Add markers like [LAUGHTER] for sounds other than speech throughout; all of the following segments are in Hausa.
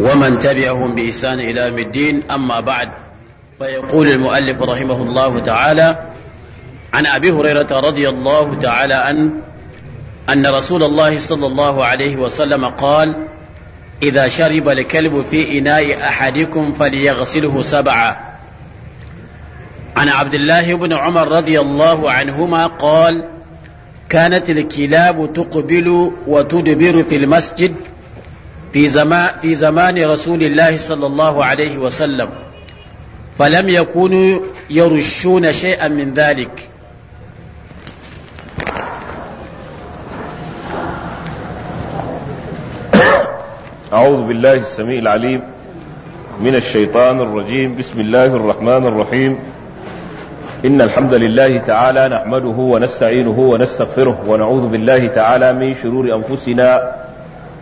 ومن تبعهم بإحسان إلى يوم الدين أما بعد فيقول المؤلف رحمه الله تعالى عن أبي هريرة رضي الله تعالى أن أن رسول الله صلى الله عليه وسلم قال إذا شرب الكلب في إناء أحدكم فليغسله سبعا عن عبد الله بن عمر رضي الله عنهما قال كانت الكلاب تقبل وتدبر في المسجد في زمان في زمان رسول الله صلى الله عليه وسلم فلم يكونوا يرشون شيئا من ذلك أعوذ بالله السميع العليم من الشيطان الرجيم بسم الله الرحمن الرحيم إن الحمد لله تعالى نحمده ونستعينه ونستغفره ونعوذ بالله تعالى من شرور أنفسنا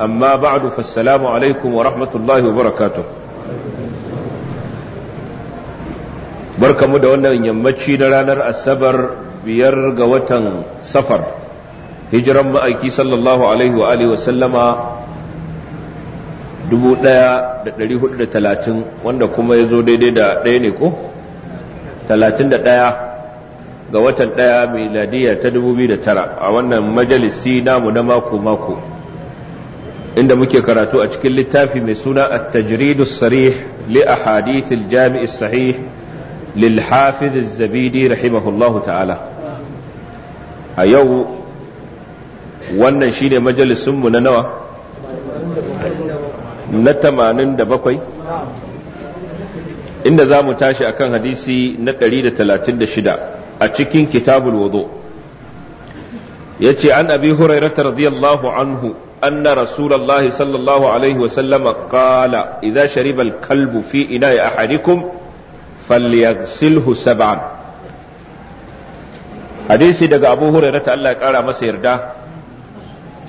أما بعد فالسلام عليكم ورحمة الله وبركاته barkamu da wannan yammaci na ranar asabar biyar ga watan safar hijiran ma'aiki sallallahu alaihi wa alihi da talatin, wanda kuma ya zo daidai da ɗaya ne ko? ɗaya ga watan ɗaya miladiyya ta tara, a wannan majalisi namu na mako-mako inda muke karatu a cikin littafi mai suna a tajridu sarih li a al jami'i sahih lil hafiz az-zabidi rahimahullahu ta'ala a yau wannan shine majalisin mu na nawa na 87 inda za mu tashi akan hadisi na 136 a cikin kitabul wudu yace an abi hurairata radiyallahu anhu أن رسول الله صلى الله عليه وسلم قال إذا شرب الكلب في إناء أحدكم فليغسله سبعا حديثي دقى أبو هريرة الله قال ما سيرده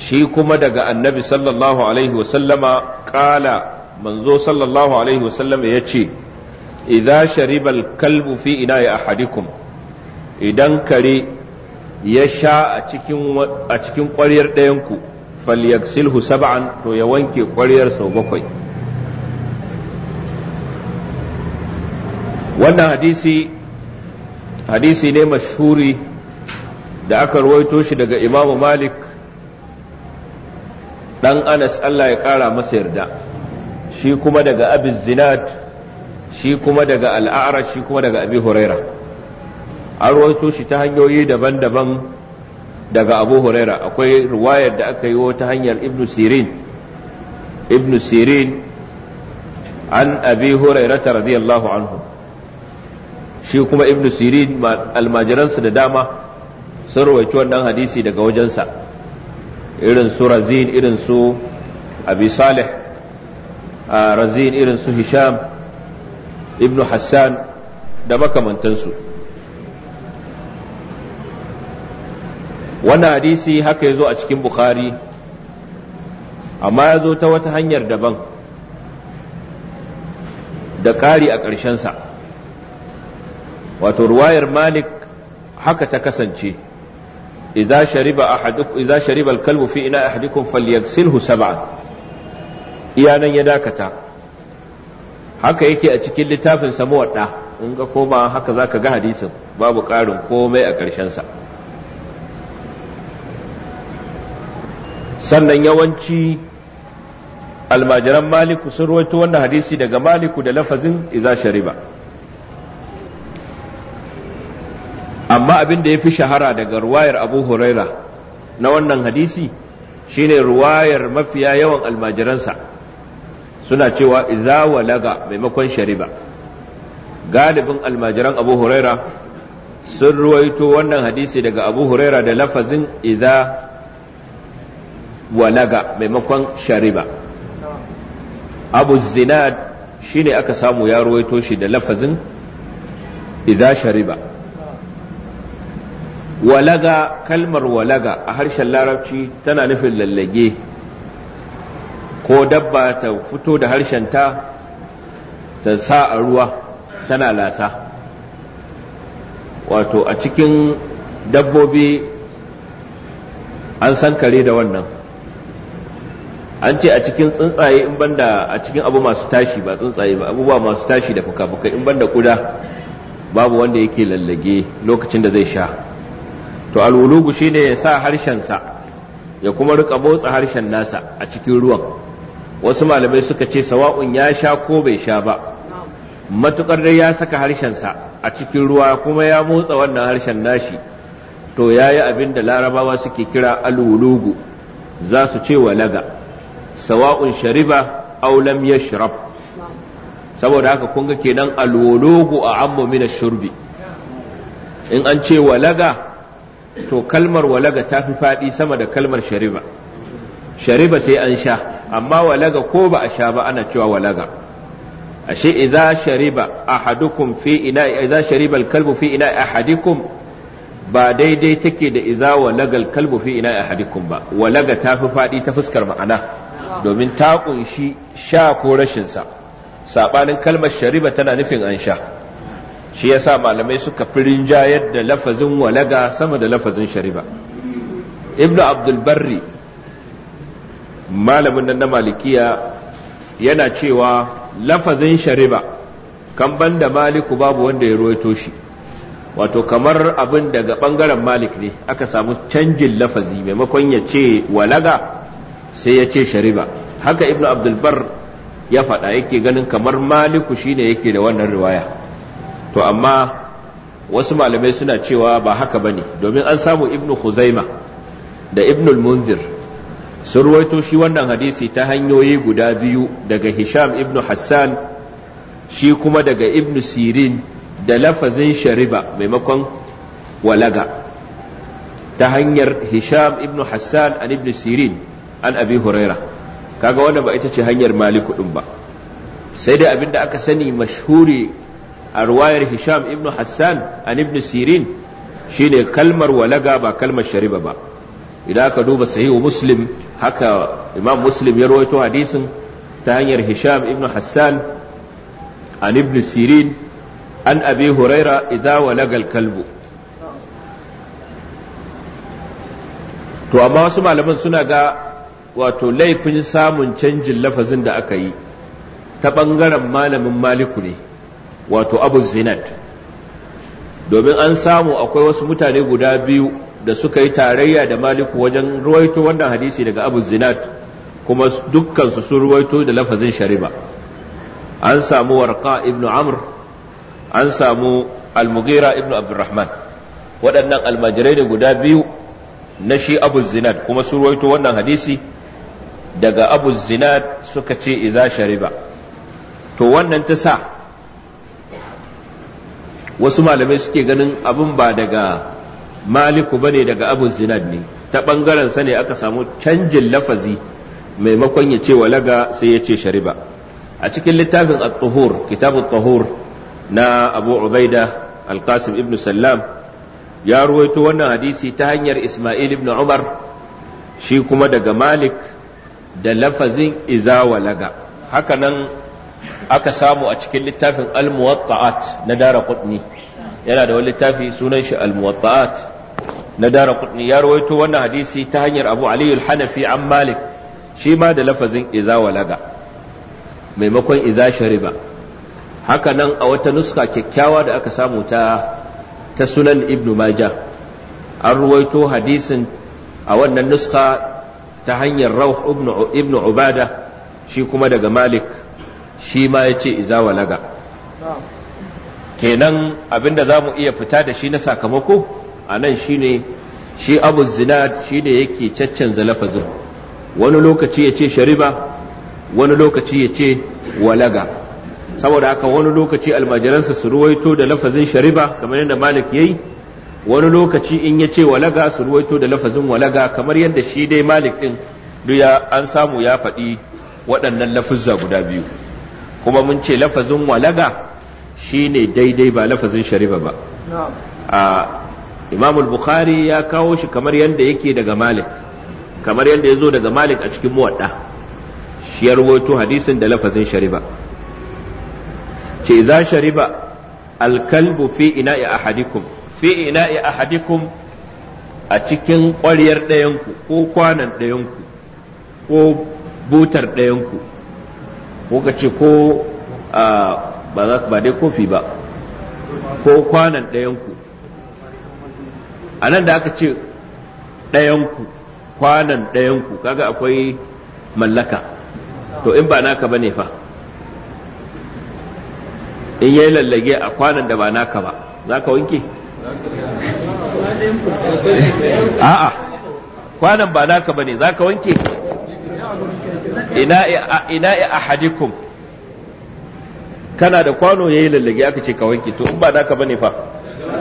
shi kuma daga annabi sallallahu alaihi wasallama kala manzo sallallahu alaihi wasallama ya ce idza sharibal kalbu fi ina ya ahadikum idan kare ya sha a cikin ƙwaryar ɗayanku falyaksilhu sab'an to ya wanke kwaryar sau bakwai wannan hadisi hadisi ne mashhuri da aka ruwaito shi daga imamu malik dan anas Allah ya ƙara masa yarda shi kuma daga abin zinad shi kuma daga al'ara shi kuma daga abi huraira an ruwaito shi ta hanyoyi daban-daban daga abu huraira akwai ruwayar da aka yi ta hanyar ibnu sirin ibnu sirin an abi hurairata radiyallahu anhu shi kuma ibnu sirin almajiransa da dama sun rawaito wannan hadisi daga wajensa irin su razin irin su abi salih razin irin su hisham ibnu hassan da makamantansu wannan hadisi haka ya zo a cikin bukhari amma ya zo ta wata hanyar daban da ƙari a ƙarshensa wato ruwayar malik haka ta kasance iza shariba al-kalbu fi ina ahadikum falyaghsilhu sab'an iyanan ya dakata haka yake a cikin littafin samuwar ɗa in ga koma haka zaka ga hadisin babu ƙarin komai a ƙarshensa sa sannan yawanci almajiran maliku sun ruwaito wannan hadisi daga maliku da lafazin iza shariba amma abin da ya fi shahara daga ruwayar abu huraira na wannan hadisi shine ruwayar mafiya yawan almajiransa suna cewa iza walaga maimakon shariba galibin almajiran abu huraira sun ruwaito wannan hadisi daga abu huraira da lafazin iza walaga maimakon shariba abu zinad shine aka samu ya ruwaito shi da lafazin idza shariba walaga kalmar walaga a harshen larabci tana nufin lallage ko dabba ta fito da harshenta ta sa a ruwa tana lasa wato a cikin dabbobi an san kare da wannan an ce a cikin tsuntsaye in banda a cikin abu masu tashi ba tsuntsaye ba abubuwa masu tashi da fuka fuka in banda kuda babu wanda yake lallage lokacin da zai sha to alwulugu ne ya sa harshensa ya kuma rika motsa harshen nasa a cikin ruwan wasu malamai suka ce sawa'un ya sha ko bai sha ba matukar dai ya saka harshensa a cikin ruwa kuma ya motsa wannan harshen nashi to ya yi abin da larabawa suke kira alwulugu za su ce walaga sawa'un shariba aw lam yashrab saboda haka kun ga kenan alwologu a ammu min shurbi in an ce walaga to kalmar walaga ta fi faɗi sama da kalmar shariba shariba sai an sha amma walaga ko ba a sha ba ana cewa walaga ashe idza shariba ahadukum fi ina idza shariba alkalbu fi ina ahadikum ba daidai take da iza walagal kalbu fi ina ahadikum ba walaga ta fi faɗi ta fuskar ma'ana domin ta kunshi sha ko rashinsa saɓanin kalmar shariba tana nufin an sha shi yasa malamai suka firin jayar da lafazin walaga sama da lafazin shariba ibn abdulbarri malamin nan na malikiya yana cewa lafazin shariba kan banda maliku babu wanda ya ruwaito shi wato kamar abin daga ɓangaren malik ne aka samu canjin lafazi maimakon ya ce walaga sai ya ce shariba haka ibnu abdulbar ya faɗa yake ganin kamar maliku shine yake da wannan riwaya to amma wasu malamai suna cewa ba haka ba ne domin an samu ibnu huzaima da ibnu munzir sun ruwaito shi wannan hadisi ta hanyoyi guda biyu daga hisham ibnu hassan shi kuma daga ibnu sirin da lafazin shariba maimakon walaga ta hanyar hisham ibnu hassan an ibnu sirin an abi huraira kaga wannan ba ita ce hanyar maliku din ba sai dai abinda aka sani mashhuri a ruwayar hisham ibn hassan an ibn sirin shine kalmar walaga ba kalmar shariba ba idan aka duba sahihu muslim haka imam muslim ya rawaito hadisin ta hanyar hisham ibn hassan an ibn sirin an abi huraira idza walaga kalbu to amma wasu malaman suna ga wato laifin samun canjin lafazin da aka yi ta ɓangaren malamin maliku ne wato abu zinat domin an samu akwai wasu mutane guda biyu da suka yi tarayya da maliku wajen ruwaito wannan hadisi daga abu zinat kuma dukkansu sun ruwaito da lafazin shariba an samu warqa ibnu amr an samu almugira ibnu abdurrahman waɗannan almajirai ne guda biyu na shi abu zinat kuma sun ruwaito wannan hadisi daga abu zinad suka ce iza shariba to wannan ta sa wasu malamai suke ganin abin ba daga maliku ba ne daga abu zinad ne ta ɓangaren sa ne aka samu canjin lafazi maimakon ya ce walaga sai ya ce shariba a cikin littafin al tuhur kitabun tuhur na abu ubaida al-qasim ibn sallam ya ruwaito wannan hadisi ta hanyar isma'il ibn umar shi kuma daga malik da lafazin iza walaga haka nan aka samu a cikin littafin al-muwatta'at na dara kudni yana da wani littafi sunan shi al na dara kudni ya rawaito wannan hadisi ta hanyar abu aliyu hanafi an malik shi ma da lafazin iza walaga maimakon iza shariba haka nan a wata nuska kyakkyawa da aka samu ta ta sunan ibnu maja an rawaito hadisin a wannan nuska ta hanyar rauh ibn ubada shi kuma daga malik shi ma ya ce iza walaga kenan abinda za mu iya fita da shi na sakamako a nan shi ne shi abu zinad shi ne yake caccanza lafazin wani lokaci ya ce shariba wani lokaci ya ce walaga saboda haka wani lokaci almajiransa su ruwaito da lafazin shariba kamar yadda malik ya yi wani lokaci in ya ce walaga su ruwaito da lafazin walaga kamar yadda shi dai malik din duya an samu ya faɗi waɗannan lafuzza guda biyu kuma mun ce lafazin walaga shine daidai ba lafazin sharifa ba a imamul bukhari ya kawo shi kamar yadda yake daga malik kamar yadda ya zo daga malik a cikin muwadda shi ya ruwaito hadisin da lafazin shariba ce za shariba alkalbu fi ina'i ahadikum fi ina'i ahadikum a cikin ƙwaryar ɗayanku ko kwanan ɗayanku ko butar ɗayanku ko ka ce ko ba za ba dai kofi ba ko kwanan ɗayanku a nan da aka ce ɗayanku kwanan ɗayanku kaga akwai mallaka to in ba naka ba ne fa in yayi lallage a kwanan da ba naka ba za ka wanke? a'a kwanan ba naka bane zaka wanke ina ina ahadikum kana da kwano yayi lallage aka ce ka wanke to in ba naka bane fa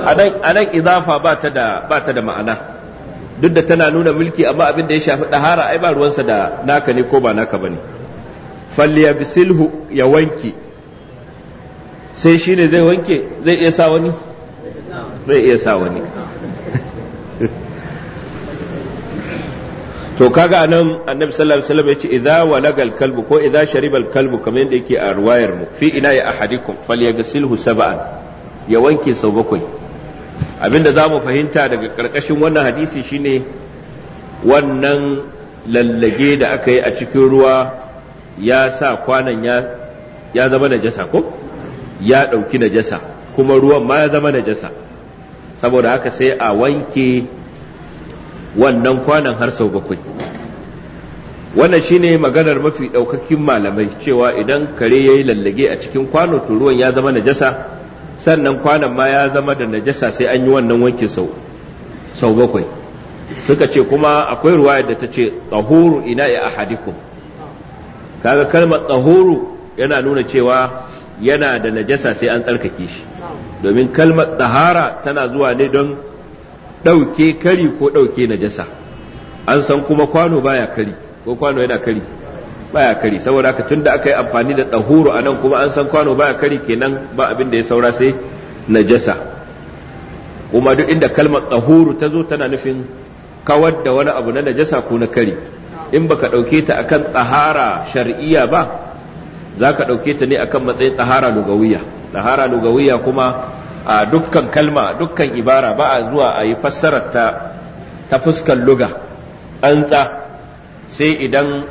anan anan izafa ba ta da ba ta da ma'ana duk da tana nuna mulki amma abin da ya shafi dahara ai ba ruwansa da naka ne ko ba naka bane falyabsilhu ya wanke sai shine zai wanke zai iya sa wani zai iya sa wani to kaga nan annabi sallallahu alaihi wasallam yace idza walagal kalbu ko idza sharibal kalbu kamar yadda yake a ruwayar mu fi ina ya ahadikum silhu sab'an ya wanke sau bakwai abinda zamu fahimta daga karkashin wannan hadisi shine wannan lallage da aka yi a cikin ruwa ya sa kwanan ya ya zama najasa ko ya dauki najasa kuma ruwan ma ya zama najasa saboda haka sai a wanke wannan kwanan har sau bakwai wannan shine maganar mafi ɗaukakin malamai cewa idan kare ya yi lallage a cikin kwano to ruwan ya zama najasa sannan kwanan ma ya zama da najasa sai an yi wannan wanke sau bakwai suka ce kuma akwai ruwayar da ta ce tsahuru ina ya ahadikum kaga kalmar tsahuru yana nuna cewa yana da najasa sai an tsarkake shi domin kalmar tsahara tana zuwa ne don ɗauke kari ko ɗauke najasa an san kuma kwano baya kari ko kwano yana kari baya kari saboda haka tunda aka yi amfani da ɗahuru a nan kuma an san kwano baya kari kenan ba abin da ya saura sai najasa kuma duk inda kalmar ɗahuru ta zo tana nufin kawar da wani abu na najasa ko na kari in baka ɗauke ta akan tsahara shar'iyya ba za ka ɗauke ta ne akan matsayin tsahara wuya? Dahara lugawiya kuma a dukkan kalma dukkan ibara ba a zuwa a yi fassarar ta ta fuskan luga tsantsa sai idan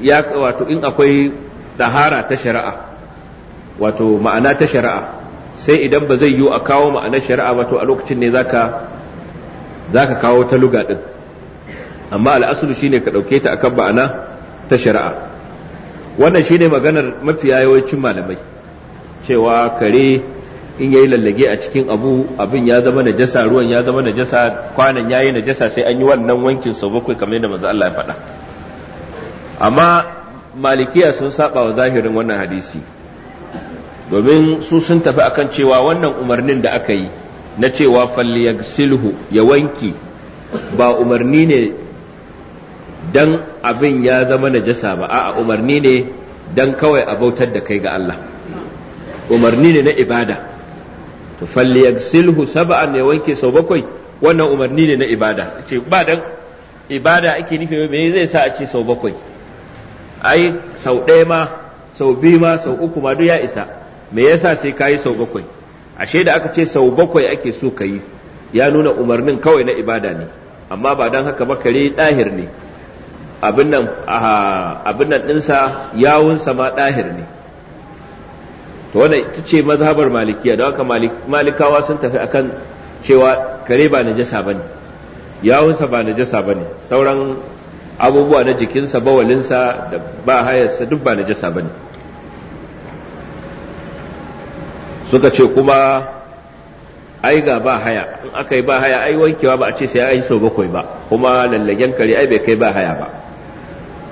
ya wato in akwai ɗahara ta shari'a wato ma'ana ta shari'a sai idan ba zai yiwu a kawo ma'anar shari'a ba a lokacin ne zaka zaka kawo ta luga din amma al'asulu shine ka ɗauke ta akan ma'ana ta shari'a wannan shine maganar mafiya yawancin malamai cewa kare in yayi lallage a cikin abu abin ya zama na jasa ruwan ya zama na jasa kwanan ya yi na jasa sai an yi wannan wankin sau bakwai kamar yadda manzo Allah ya faɗa amma malikiya sun saba wa zahirin wannan hadisi domin su sun tafi akan cewa wannan umarnin da aka yi na cewa falyagsilhu ya wanki ba umarni ne dan abin ya zama na jasa ba a'a umarni ne dan kawai a bautar da kai ga Allah umarni ne na ibada to falyagsilhu sab'an ya wanke sau bakwai wannan umarni ne na ibada ce ba dan ibada ake nufi me zai sa a ce sau bakwai ai sau ɗaya ma sau biyu ma sau uku ma duk ya isa me yasa sai kayi sau bakwai ashe da aka ce sau bakwai ake so ka ya nuna umarnin kawai na ibada ne amma ba dan haka ba kare ɗahir ne abin nan ɗinsa yawunsa ma ɗahir ne to wanda ita ce mazhabar malikiya don haka malikawa sun tafi akan cewa kare ba jasa ba ne, yawunsa ba jasa ba ne, sauran abubuwa na jikinsa bawalinsa da ba hayarsa duk ba jasa ba ne. suka ce kuma ai ga ba haya in aka yi ba haya ai wankewa ba a ce sai ai sau bakwai ba kuma lallagen kare ai bai kai ba haya ba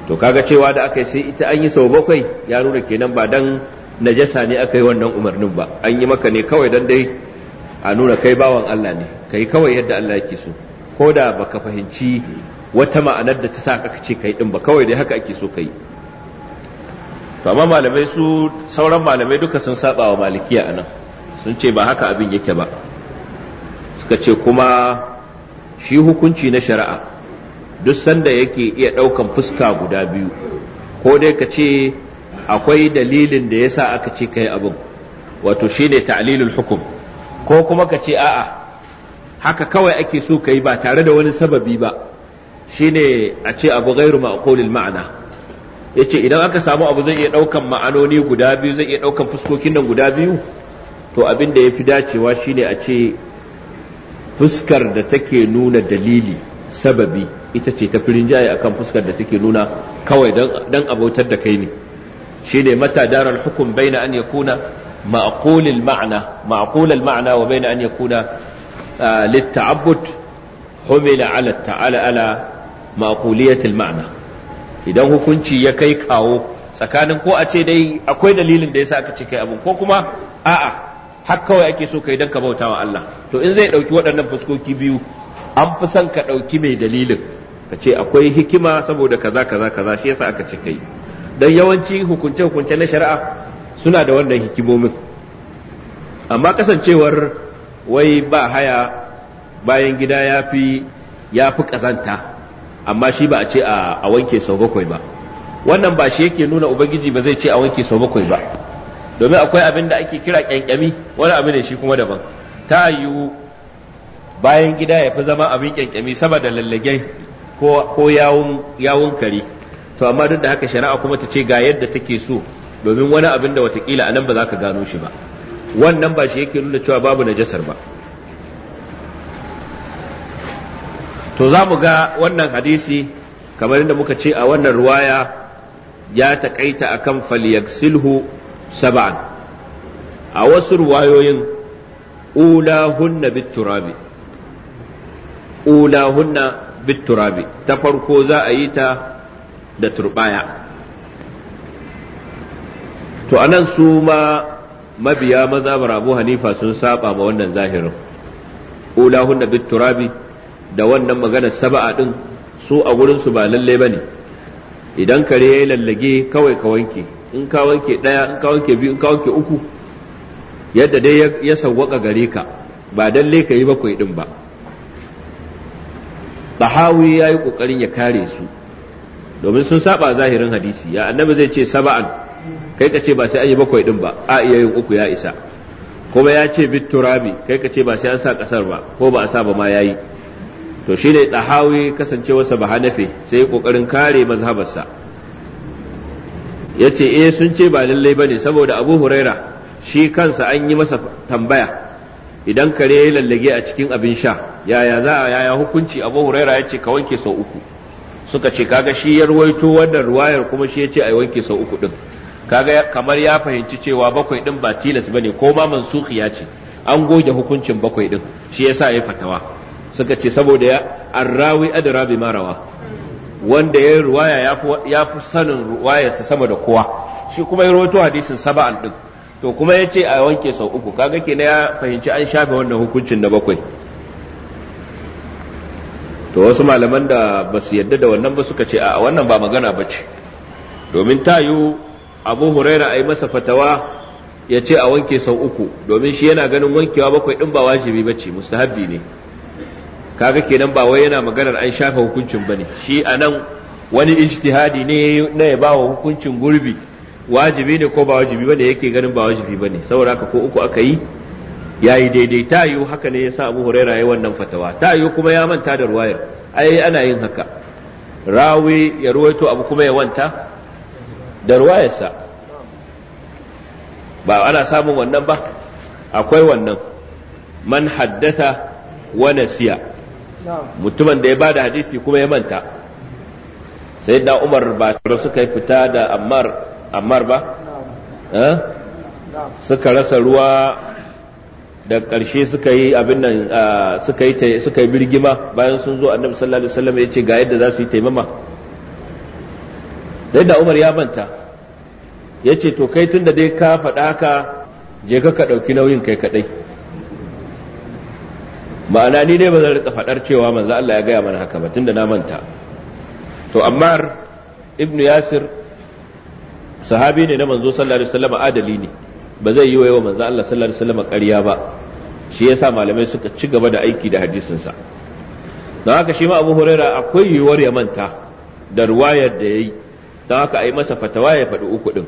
to kaga cewa da aka yi sai ita an yi sau bakwai ya nuna kenan ba dan najasa ne aka yi wannan umarnin ba an yi maka ne kawai don dai a nuna kai bawan Allah ne kai kawai yadda Allah yake so ko da baka fahimci wata ma'anar da ta sa aka ce kai din ba kawai dai haka ake so kai to amma malamai su sauran malamai duka sun saba wa malikiya anan sun ce ba haka abin yake ba suka ce kuma shi hukunci na shari'a duk sanda yake iya ɗaukan fuska guda biyu ko dai ka ce akwai dalilin da yasa aka ce kai abin wato shine ta'lilul hukum ko kuma ka ce a'a haka kawai ake so kai ba tare da wani sababi ba shine a ce abu ghairu ma'qulil ma'ana yace idan aka samu abu zai iya daukan ma'anoni guda biyu zai iya daukan fuskokin nan guda biyu to abin da yafi dacewa shine a ce fuskar da take nuna dalili sababi ita ce ta firin jaye akan fuskar da take nuna kawai dan abautar da kai ne shine mata daral hukum baina an yakuna ma'ana ma'na ma'na wa baina an yakuna uh, lit humila ala ta'ala ala ma'na idan hukunci ya kai kawo tsakanin ko a ce dai akwai dalilin da yasa aka ce kai abun ko kuma a'a har kawai ake so kai dan ka bauta wa Allah to in zai dauki waɗannan fuskoki biyu an fi son ka dauki mai dalilin ka ce akwai hikima saboda kaza kaza kaza shi yasa aka ce kai don yawanci hukunce-hukunce na shari'a suna da wannan hikimomin amma kasancewar wai ba haya bayan gida ya fi ya fi ƙazanta amma shi ba a ce a wanke sau bakwai ba wannan ba shi yake nuna ubangiji ba zai ce a wanke sau bakwai ba domin akwai abin da ake kira kyankyami wani abu ne shi kuma daban ta yiwu bayan gida ya fi zama abin kyankyami saboda lallage lallagen ko yawun kare to amma duk da haka shari'a kuma ta ce ga yadda take so domin wani abin da watakila a nan ba za ka gano shi ba wannan ba shi yake nuna cewa babu najasar ba to za mu ga wannan hadisi kamar yadda muka ce a wannan ruwaya ya taƙaita akan falyaksilhu saba'an a wasu ruwayoyin ulahunna bitturabi ulahunna bitturabi ta farko za a yi ta da turbaya to anan su ma mabiya maza abu hanifa sun saba ma wannan zahirin ulahunna bit turabi da wannan maganar saba'a din su a gurin su ba lalle bane idan kare yi lallage kawai ka wanke in ka wanke daya in ka wanke biyu in ka wanke uku yadda dai ya sawwaka gare ka ba dalle ka yi bakwai din ba bahawi ya yi kokarin ya kare su domin sun saba zahirin hadisi ya annabi zai ce saba'an kai ka ce ba sai an yi bakwai din ba a iya yin uku ya isa kuma ya ce bitturabi kai ka ce ba sai an sa kasar ba ko ba a sa ba ma yi? to shi ne ɗahawi kasancewarsa ba hanafe sai ƙoƙarin kare mazhabarsa ya ce eh sun ce ba lallai ba ne saboda abu huraira shi kansa an yi masa tambaya idan kare ya lallage a cikin abin sha yaya za a yaya hukunci abu huraira ya ce ka wanke sau uku suka ce kaga shi ya ruwaito wannan ruwayar kuma shi ya ce a wanke sau uku din kaga kamar ya fahimci cewa bakwai din ba tilas bane ko ma ya ce an goge hukuncin bakwai ɗin, shi yasa ya fatawa suka ce saboda ya arrawi adra bi marawa wanda ya ruwaya ya fi sanin ruwayarsa sama da kowa shi kuma ya ruwaito hadisin saba'an ɗin, to kuma ya ce a wanke sau uku kaga kenan ya fahimci an shafe wannan hukuncin na bakwai to wasu malaman da ba su yadda da wannan ba suka ce a wannan ba magana ba ce domin ta yiwu abu huraira a yi masa fatawa ya ce a wanke sau uku domin shi yana ganin wankewa bakwai ɗin ba wajibi ba ce mustahabbi ne kaga kenan ba wai yana maganar an shafa hukuncin ba ne shi a nan wani ijtihadi ne na ya ba wa hukuncin gurbi wajibi ne ko ba wajibi ba ne yake ganin ba wajibi ba ne saboda haka ko uku aka yi yayi daidai ta yiwu haka ne ya sa Abu Huraira yayi wannan fatawa ta yiwu kuma ya manta da ruwayar ai ana yin haka rawi ya ruwaito abu kuma ya wanta da ruwayarsa ba ana samun wannan ba akwai wannan man haddata wa nasiya mutumin da ya bada hadisi kuma ya manta sai da umar ba tare suka yi fita da ammar ba eh? suka rasa ruwa da ƙarshe suka yi abin nan suka yi suka yi birgima bayan sun zo annabi sallallahu alaihi wasallam ya ce ga yadda za su yi taimama dai da Umar ya manta ya ce to kai tunda dai ka faɗa ka je ka ka ɗauki nauyin kai kaɗai ma'ana ni dai ba rika faɗar cewa manzo Allah ya gaya mana haka ba tunda na manta to Ammar ibnu Yasir sahabi ne na manzo sallallahu alaihi wasallam adali ne ba zai yi wa yawa manzo Allah sallallahu alaihi wasallam ƙarya ba shi yasa malamai suka ci gaba da aiki da hadisin sa don haka shi ma Abu Huraira akwai yiwuwar ya manta da ruwayar da yayi don haka ai masa fatawa ya faɗi uku din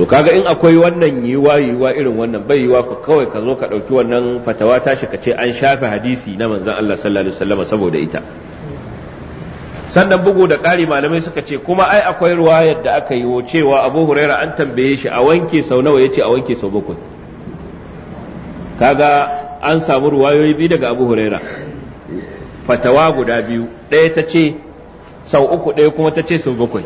to kaga in akwai wannan yiwa irin wannan bai yiwa ku kawai ka zo ka ɗauki wannan fatawa tashi ka ce an shafe hadisi na manzon Allah sallallahu alaihi wasallam saboda ita sannan bugu da ƙari malamai suka ce kuma ai akwai ruwayar da aka yi cewa abu huraira an tambaye shi a wanke sau nawa ya ce a wanke sau bakwai kaga an samu ruwayoyi biyu daga abu huraira fatawa guda biyu ɗaya ta ce sau uku ɗaya kuma ta ce sau bakwai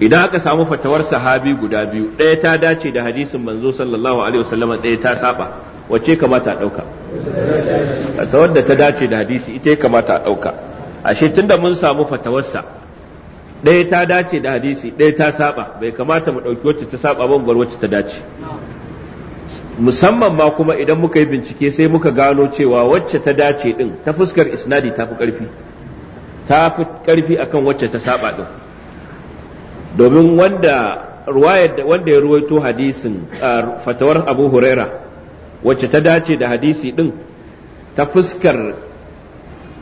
idan aka samu fatawar sahabi guda biyu ɗaya ta dace da hadisin manzo sallallahu alaihi wasallam ɗaya ta saba wacce kamata a ɗauka fatawar da ta dace da hadisi ita ya kamata a ɗauka ashe tunda mun samu fatawarsa ɗaya ta dace da hadisi ɗaya ta saba bai kamata mu ɗauki wacce ta saba ban gwar wacce ta dace musamman ma kuma idan muka yi bincike sai muka gano cewa wacce ta dace din ta fuskar isnadi ta fi ƙarfi ta fi ƙarfi akan wacce ta saba din domin wanda ruwayar wanda ya ruwaito hadisin fatawar abu huraira wacce ta dace da hadisi ɗin ta fuskar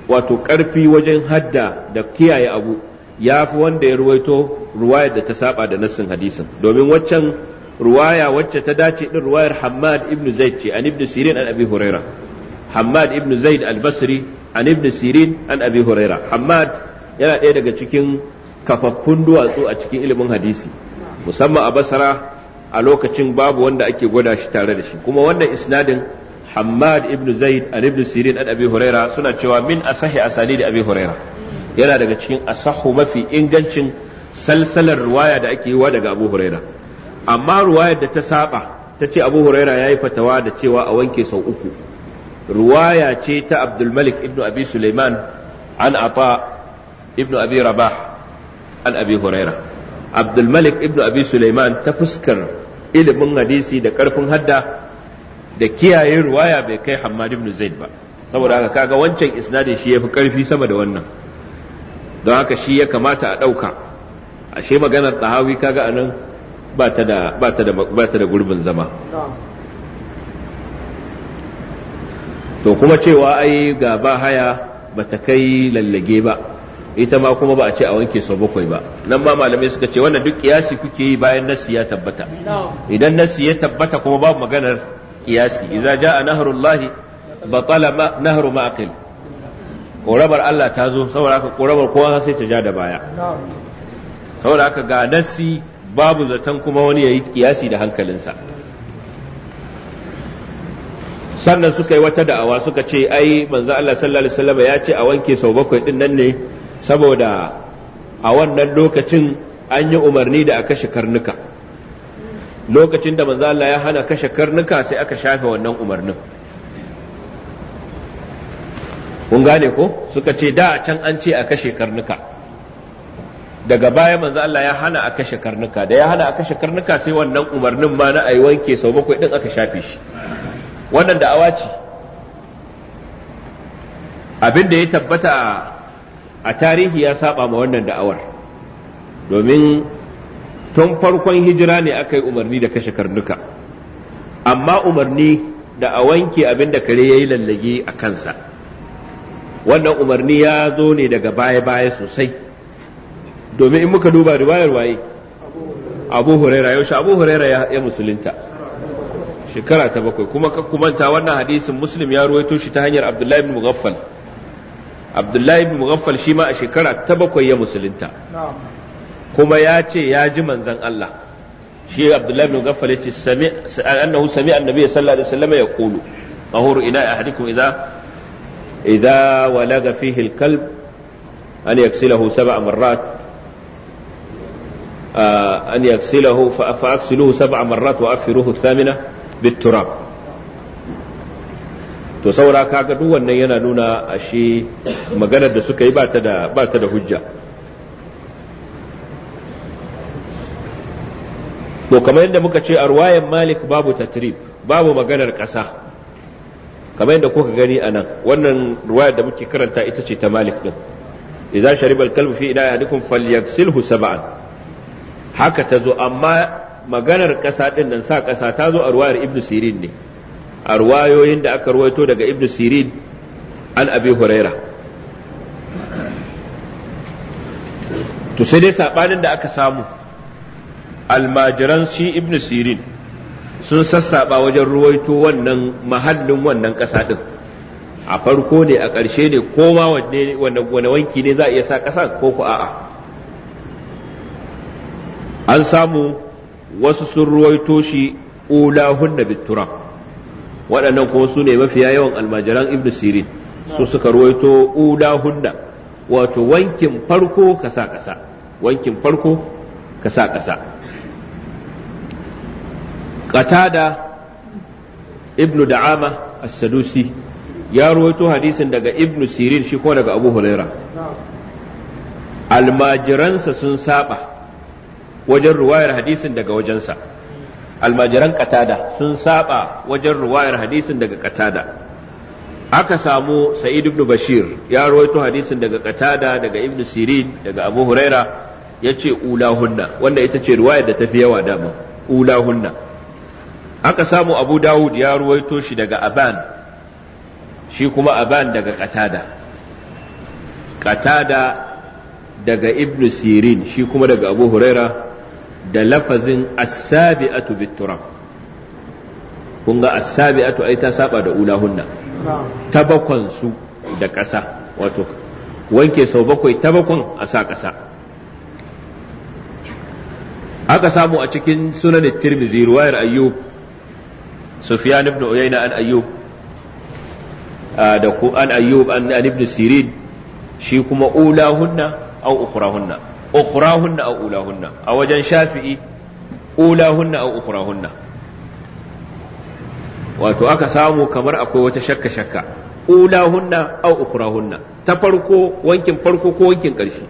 wato ƙarfi wajen hadda da kiyaye abu ya fi wanda ya ruwaito ruwayar da ta saba da nassin hadisin domin waccan ruwaya wacce ta dace din ruwayar Hammad ibn Zaid ce an ibn Sirin an Abi Huraira Hammad ibn Zaid al-Basri an ibn Sirin an Abi Huraira Hammad yana ɗaya daga cikin kafaffun duwatsu a cikin ilimin hadisi musamman a Basra a lokacin babu wanda ake gwada shi tare da shi kuma wannan isnadin Hammad ibn Zaid an ibn Sirin an Abi Huraira suna cewa min asahi asali da Abi Huraira yana daga cikin asahu mafi ingancin salsalar ruwaya da ake yiwa daga Abu Huraira amma ruwayar da ta saba ta ce Abu ya yi fatawa da cewa a wanke sau uku ruwaya ce ta Abdul Malik ibn Abi Sulaiman an ibn Abi Rabah an Abi Abi Sulaiman ta fuskar ilimin hadisi da karfin hadda da kiyaye ruwaya bai kai Hammad ibn Zaid ba saboda haka kaga wancan isnadin shi yafi karfi sama da wannan don haka shi ya kamata a ɗauka ashe maganar tahawi kaga anan ba ta da ba ta da ba ta da gurbin zama to kuma cewa ai ga ba haya ba ta kai lallage ba ita ma kuma ba a ce a wanke sau bakwai ba nan ma malamai suka ce wannan duk kiyasi kuke yi bayan nasi ya tabbata idan nasi ya tabbata kuma babu maganar kiyasi idza jaa nahrullahi batala nahru ma'qil korabar Allah ta zo saboda haka korabar kowa sai ta ja da baya saboda haka ga nassi babu zaton kuma wani yayi kiyasi da hankalinsa sannan suka yi wata da'awa suka ce ai manzo Allah sallallahu alaihi wasallam ya ce a wanke sau bakwai din nan ne saboda a wannan lokacin an yi umarni da a kashe karnuka lokacin da manzo Allah ya hana kashe karnuka sai aka shafe wannan umarnin kun gane ko suka ce da can an ce a kashe karnuka daga baya manzo Allah ya hana a kashe karnuka da ya hana a kashe karnuka sai wannan umarnin ma na ayi wanke sau bakwai din aka shafe shi wannan da awaci abin da ya tabbata a tarihi ya saba ma wannan da'awar domin tun farkon hijira ne aka yi umarni da kashe karnuka amma umarni da a wanke abin da kare ya yi lallage a kansa wannan umarni ya zo ne daga baya-baya sosai domin in muka duba riwayar waye abu huraira yaushe abu huraira ya musulunta shekara ta bakwai kuma ka kumanta wannan hadisin muslim ya ruwaito shi ta hanyar abdullahi ibn mughaffal abdullahi ibn mughaffal shi ma a shekara ta bakwai ya musulunta kuma ya ce ya ji manzan Allah shi Abdullahi bin Gaffal yace sami annahu sami annabi sallallahu alaihi wasallam ya qulu ahuru ina ahadikum idza idza walaga fihi alkalb an yaksilahu sab'a marrat أن يغسله فأغسلوه سبع مرات وأفروه الثامنة بالتراب to saura kaga duk wannan yana nuna ashe maganar da suka yi ba ta da hujja to kamar yadda muka ce a ruwayan malik babu tatrib babu maganar ƙasa kamar yadda kuka gani a nan wannan ruwayar da muke karanta ita ce ta malik ɗin iza sharib alkalb fi ina ahadikum sulhu saba'an. haka ta zo amma maganar ƙasa din nan sa ƙasa ta zo a ruwayar ibnu sirin ne a ruwayoyin da aka ruwaito daga ibnu sirin an abi huraira to sai dai sabanin da aka samu almajiran shi ibn sirin sun sassaba wajen ruwaito wannan mahallin wannan ƙasa ɗin a farko ne a ƙarshe ne kowa wanne wanki ne za a iya sa ƙasa ko ku a'a an samu wasu sun ruwaito shi ulahun da bittura waɗannan kuma su ne mafiya yawan almajiran ibn sirin su suka ruwaito ulahunna wato wankin farko kasa kasa wankin farko kasa kasa qatada Ibn da'ama as-sadusi ya ruwaito hadisin daga Ibn sirin shi ko daga abu huraira almajiransa sun saba wajen ruwayar hadisin daga wajensa almajiran katada sun saba wajen ruwayar hadisin daga katada aka samu sa'id ibn bashir ya rawaito hadisin daga katada daga ibn sirin daga abu huraira ya ce ulahunna wanda ita ce ruwayar da tafi yawa dama ulahunna aka samu abu dawud ya ruwaito shi daga aban shi kuma aban daga katada katada daga ibn sirin shi kuma daga abu huraira da lafazin asabi'atu bitturam kun ga as-sabi'atu ai ta saba da ulahunna ta bakwan su da ƙasa wato wanke sau bakwai ta bakwan a sa ƙasa aka samu a cikin sunan tirmizi ruwayar ayyub sufyan ibn uyayna an ayyub ah, da ku an ayyub an ibn sirin shi kuma ulahunna aw ukhrahunna ukhrahunna aw ulahunna a wajen shafi'i ulahunna aw ukhrahunna wato aka samu kamar akwai wata shakka shakka ulahunna aw ukhrahunna ta farko wankin farko ko wankin ƙarshe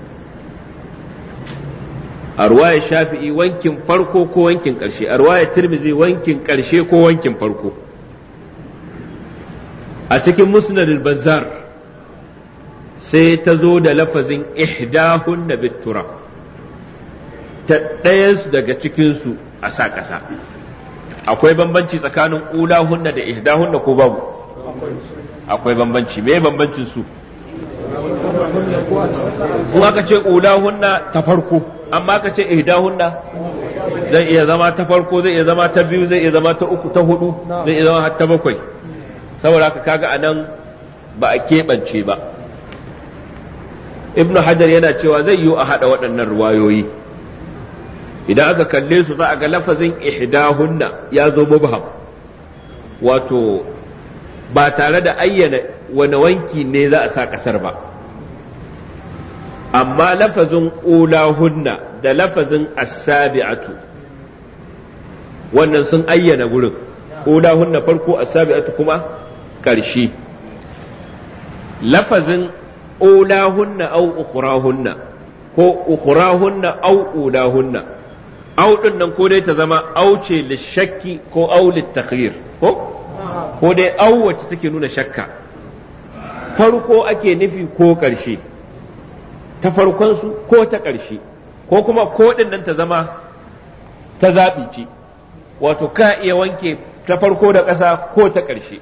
a shafi'i wankin farko ko wankin ƙarshe a ruwayar tirmizi wankin ƙarshe ko wankin farko a cikin musnadul bazzar sai ta zo da lafazin ihdahun na bittura ta ɗayansu daga cikinsu a sa ƙasa akwai bambanci tsakanin ulahunna da ihdahunna ko babu akwai bambanci me bambancin su kuma ka ce ulahunna ta farko amma ka ce ihdahunna zai iya zama ta farko zai iya zama ta biyu zai iya zama ta uku ta hudu zai iya zama har ta bakwai saboda haka kaga anan ba a keɓance ba ibnu hajar yana cewa zai yiwu a haɗa waɗannan ruwayoyi idan aka kalle su za a ga lafazin ihdahunna ya zo mubham wato ba tare da ayyana wani wanki ne za a sa ƙasar ba amma lafazin ulahunna da lafazin asabi'atu wannan sun ayyana gurin ulahunna farko asabi'atu kuma ƙarshe lafazin ulahunna au ukhrahunna ko ukhrahunna au ulahunna au din nan ko dai ta zama au ce lishakki ko au littakhir ko ko dai au wacce take nuna shakka farko ake nufi ko ƙarshe ta farkonsu ko ta ƙarshe ko kuma koɗin nan ta zama ta zaɓi ce wato ka iya wanke ta farko da ƙasa ko ta ƙarshe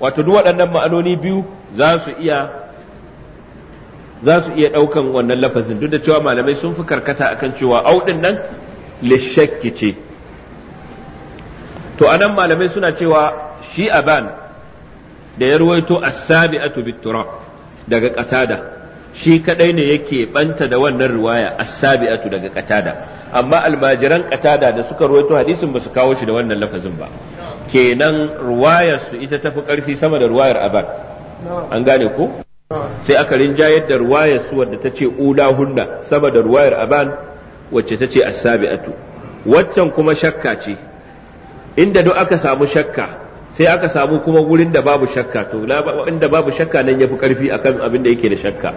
wato duk waɗannan ma'anoni biyu za su iya za su iya ɗaukan wannan lafazin duk da cewa malamai sun fi karkata akan cewa auɗin nan lishakki ce to anan malamai suna cewa shi aban da ya ruwaito as-sabi'atu bit-turab daga qatada shi kadai ne yake banta da wannan riwaya as-sabi'atu daga qatada amma almajiran qatada da suka ruwaito hadisin ba su kawo shi da wannan lafazin ba kenan riwayar su ita tafi karfi sama da riwayar aban an gane ko sai aka rinjayar da riwayar su wadda tace ula hunna sama da riwayar aban wacce tace as-sabi'atu waccan kuma shakka ce inda duk aka samu shakka sai aka samu kuma wurin da babu shakka to inda babu shakka nan yafi karfi akan abin da yake da shakka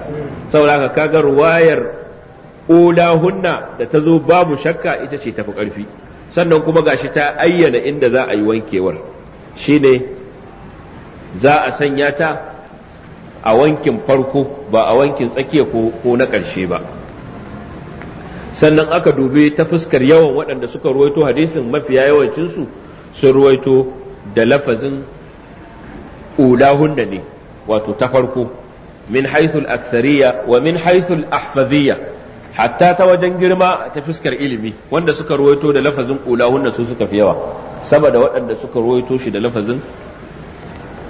saboda haka kaga ruwayar hunna da ta zo babu shakka ita ce tafi karfi sannan kuma gashi ta ayyana inda za a yi wankewar shine za a sanya ta a wankin farko ba a wankin tsakiya ko na ƙarshe ba sannan aka dubi ta fuskar yawan waɗanda suka ruwaito hadisin mafiya yawancinsu sun ruwaito da lafazin ulahunna ne wato ta farko min haisul aksariya wa min haisul ahfaziyya hatta ta wajen girma ta fuskar ilimi wanda suka ruwaito da lafazin ulahunna su suka fi yawa saboda waɗanda suka ruwaito shi da lafazin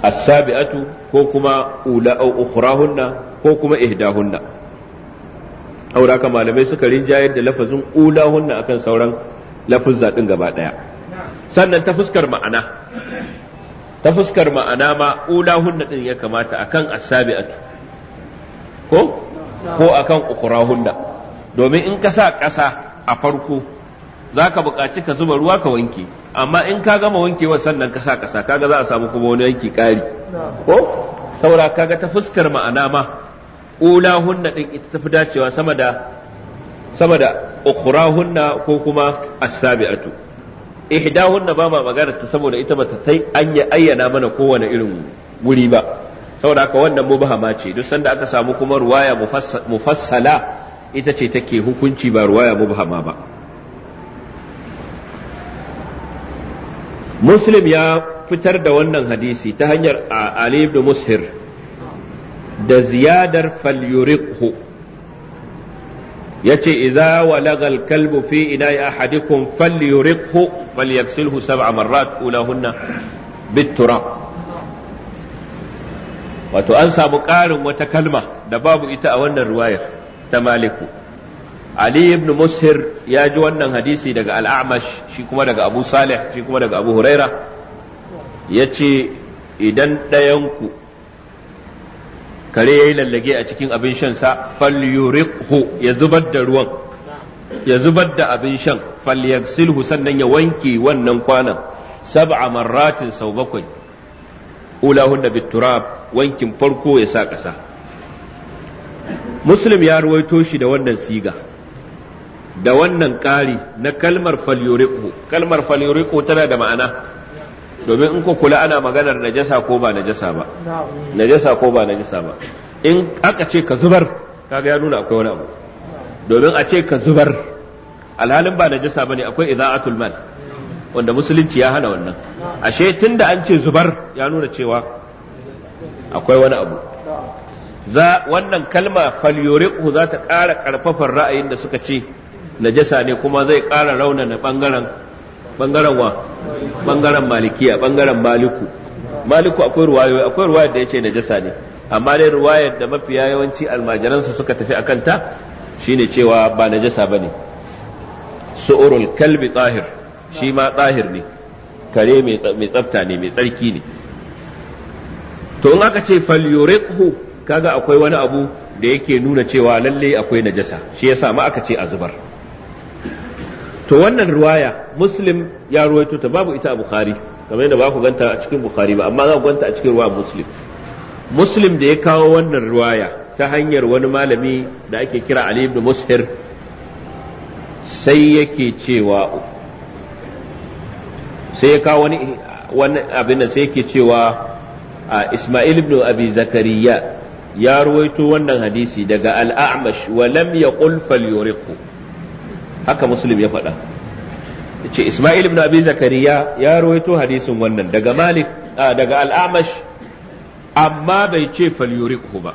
asabi'atu sabiatu ko kuma ula au ukhrahunna ko kuma ihdahunna aura malamai suka rinjayar da lafazin ulahunna akan sauran lafuzza din gaba daya sannan ta fuskar ma'ana ta fuskar ma'ana ma hunna din ya kamata akan asabi'atu ko ko akan hunna domin in ka sa ƙasa a farko za ka buƙaci ka zuba ruwa ka wanke amma in ka gama wankewa sannan ka sa ƙasa kaga za a samu kuma wani yanki ƙari ko saboda kaga ta fuskar ma'ana ma hunna din ita tafi dacewa sama da sama da hunna ko kuma asabi'atu ihdahunna ba ma magana ta saboda ita bata tai ayyana mana kowane irin wuri ba saboda haka wannan mubahama ce duk sanda aka samu kuma ruwaya mufassala ita ce take hukunci ba ruwaya mubahama ba muslim ya fitar da wannan hadisi ta hanyar ali ibn mushir da ziyadar falyuriqhu yace idza walaga ina kalbu fi ina'i ahadikum falyuriqhu falyaksilhu sab'a marrat ulahunna bit wato an samu ƙarin wata kalma da babu ita a wannan ruwayar ta maliku ali ibn mushir ya ji wannan hadisi daga al'amash shi kuma daga abu salih shi kuma daga abu huraira yace idan ɗayanku kare ya yi lallage a cikin abin shan sa falyuriqhu ya zubar da ruwan ya zubar da abin shan Fal-yaksil yagsilhu sannan ya wanke wannan kwanan sab'a marratin sau bakwai da biturab wankin farko ya sa ƙasa muslim ya ruwaito shi da wannan siga da wannan ƙari na kalmar falyuriqhu kalmar falyuriqhu tana da ma'ana domin in ku kula ana maganar najasa ko ba najasa ba najasa ko ba najasa ba in aka ce ka zubar kaga ya nuna akwai wani abu domin a ce ka zubar alhalin ba najasa bane akwai iza'atul mal wanda musulunci ya hana wannan ashe tunda an ce zubar ya nuna cewa akwai wani abu za wannan kalma falyuriqhu za ta ƙara ƙarfafar ra'ayin da suka ce najasa ne kuma zai ƙara raunana ɓangaren bangaren wa bangaren malikiya bangaren maliku maliku akwai ruwayoyi akwai ruwayar da yace najasa ne amma dai ruwayar da mafiya yawanci almajiransa suka tafi akan ta shine cewa ba najasa bane su'urul kalbi tahir shi ma tahir ne kare mai tsafta ne mai tsarki ne to in aka ce falyuriqhu kaga akwai wani abu da yake nuna cewa lalle akwai najasa shi yasa ma aka ce a zubar to wannan ruwaya muslim ya ruwaito ta babu ita a bukhari kamar yadda ba ku ganta a cikin bukhari ba amma za ku ganta a cikin ruwa muslim muslim da ya kawo wannan ruwaya ta hanyar wani malami da ake kira ali ibn mushir sai yake cewa sai ya kawo wani wani abin da sai yake cewa a isma'il ibn abi zakariya ya ruwaito wannan hadisi daga al-a'mash wa lam yaqul falyuriqu haka muslim ya faɗa ce isma'il ibn abi zakariya ya rawaito hadisin wannan daga malik daga al'amash amma bai ce falyuriqhu ba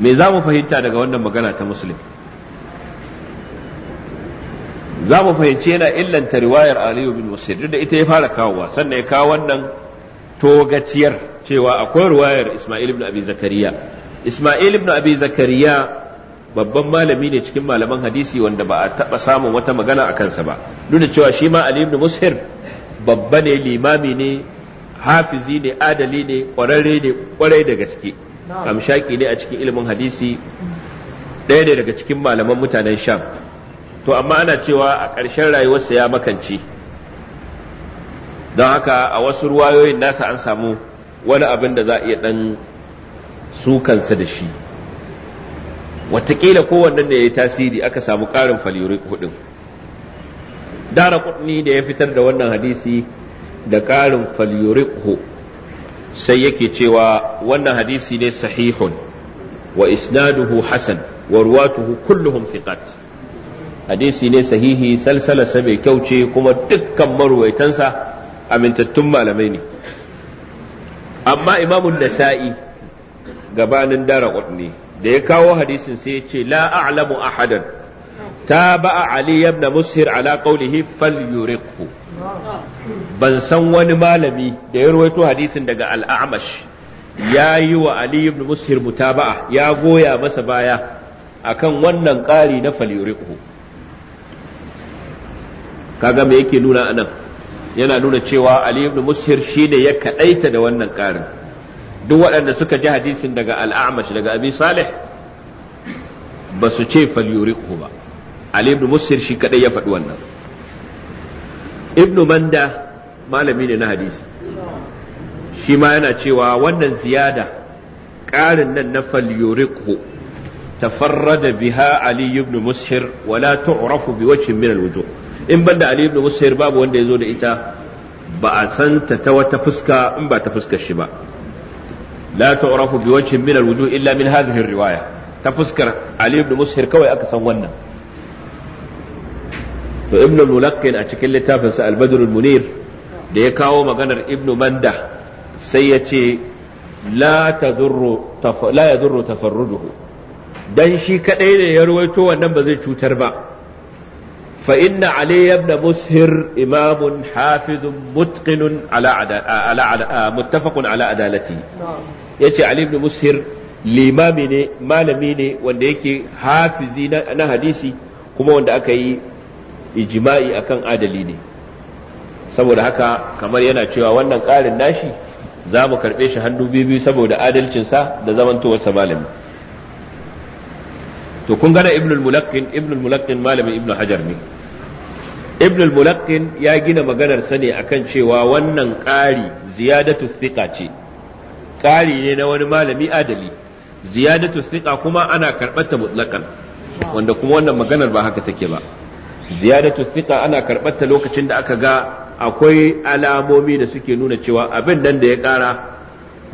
me za mu fahimta daga wannan magana ta muslim za mu fahimci yana illanta riwayar aliyu bin musir da ita ya fara kawowa sannan ya kawo wannan togaciyar cewa akwai riwayar isma'il ibn abi zakariya isma'il ibn abi zakariya babban malami ne cikin malaman hadisi wanda ba a taɓa samun wata magana a kansa ba duk da cewa shi ma ali ibn mushir babba ne limami ne hafizi ne adali ne ƙwararre ne ƙwarai da gaske amshaki ne a cikin ilimin hadisi ɗaya ne daga cikin malaman mutanen sham to amma ana cewa a ƙarshen rayuwarsa ya makanci. don haka a wasu ruwayoyin nasa an samu wani abin da za a iya ɗan sukansa da shi watakila kowannen ne ya yi tasiri aka samu ƙarin faliyuri hudin dara kudni da ya fitar da wannan hadisi da ƙarin hu sai yake cewa wannan hadisi ne sahihun wa isnaduhu hasan wa ruwatuhu kulluhum thiqat hadisi ne sahihi salsala mai kyau ce kuma dukkan maruwaitansa amintattun malamai ne amma imamun nasa'i gabanin dara kudni da ya kawo hadisin sai ya ce la a'lamu ahadan taba'a ali ibn mushir ala qawlihi Fal falyuriqhu ban san wani malami da ya rawaito hadisin daga al-a'mash ya yi wa ali ibn mushir mutaba'a ya goya masa baya akan wannan ƙari na Fal falyuriqhu kaga me yake nuna anan yana nuna cewa ali ibn mushir shine ya kadaita da wannan ƙarin duk waɗanda suka ji hadisin daga al'amash daga abi salih ba su ce falyuriku ba ali ibn musir shi kadai ya faɗi wannan ibn manda malami ne na hadisi shi ma yana cewa wannan ziyada ƙarin nan na falyuriqhu tafarrada biha ali ibn mushir wala tu'rafu biwajhin min alwujuh in banda ali ibn mushir babu wanda ya zo da ita ba a santa ta wata fuska in ba ta fuskar shi ba la tu'rafu bi wajhin min illa min hadhihi riwaya ta fuskar Ali ibn Mushir kawai aka san wannan to ibn a cikin littafin sa al-Badr munir da ya kawo maganar ibn Manda sai ya ce la tadurru la yadurru tafarruduhu dan shi kadai da ya ruwaito wannan ba zai cutar ba فإن علي بن مسهر إمام حافظ متقن على على على متفق على عدالته يأتي علي بن مسهر limami ne ne wanda yake hafizi na hadisi kuma wanda aka yi ijima'i akan adali ne saboda haka kamar yana cewa wannan ƙarin nashi za mu karɓe shi hannu biyu saboda adalcinsa da zamantowarsa malami to kun gana ibnul Mulakin ibnul Mulakin malamin ibnu hajar ne ibn al-mulaqqin ya gina maganar sa ne akan cewa wannan ƙari ziyadatu thiqa ce ƙari ne na wani malami adali ziyadatu thiqa kuma ana karɓar ta mutlaqan wanda kuma wannan maganar ba haka take ba ziyadatu thiqa ana karɓar ta lokacin da aka ga akwai alamomi da suke nuna cewa abin nan da ya ƙara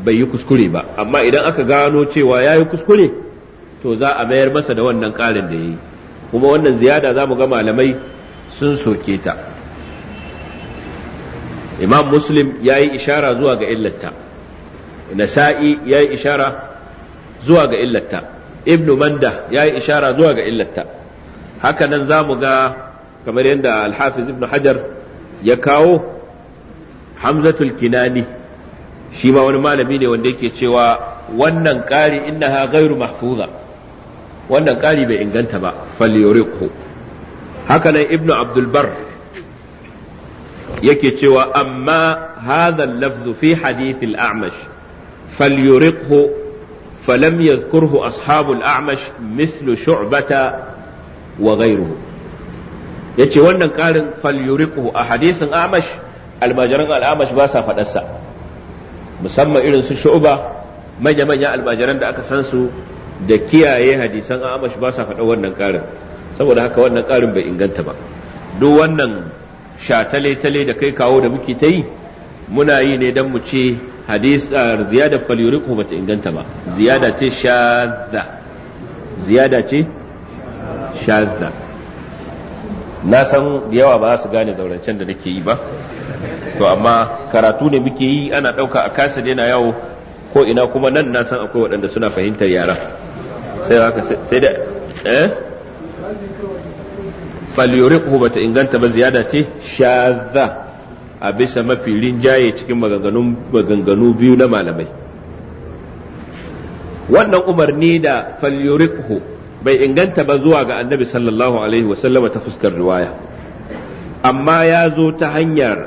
bai yi kuskure ba amma idan aka gano cewa ya yi kuskure to za a mayar masa da wannan ƙarin da ya yi kuma wannan ziyada za mu ga malamai sun soke ta imam muslim ya yi ishara zuwa ga illata nasa'i ya yi ishara zuwa ga illata ibn manda ya yi ishara zuwa ga illata haka nan za mu ga kamar yadda alhafiz ibn hajar ya kawo hamzatul kinani shi ma wani malami ne wanda yake cewa wannan ƙari innaha gairu mahfuza wannan ƙari bai inganta ba falyoriko haka nan ibnu abdulbar yake cewa amma hadha lafzu fi hadith al-a'mash falyuriqhu falam yadhkurhu ashabu al-a'mash mithlu shu'bata wa ghayruhu yace wannan karin falyuriqhu a hadisin a'mash almajiran al'amash ba sa faɗarsa musamman irin su shu'ba manya manya almajiran da aka san su da kiyaye hadisan amash ba sa faɗa wannan karin. saboda haka wannan ƙarin bai inganta ba duk wannan shatale-tale da kai kawo da muke ta yi muna yi ne don mu ce hadis ziyada falyuriku bata inganta ba ziyada ce shadda ziyada ce shadda na san yawa ba su gane zaurancen da nake yi ba to amma karatu ne muke yi ana ɗauka a kasa yana yawo ko ina kuma nan na san akwai waɗanda suna fahimtar yara sai da eh falyuriqhu bata inganta ba ziyada ce shadha a bisa mafi rinjaye cikin maganganu biyu na malamai wannan umarni da falyuriqhu bai inganta ba zuwa ga annabi sallallahu alaihi wasallama ta fuskar riwaya amma ya zo ta hanyar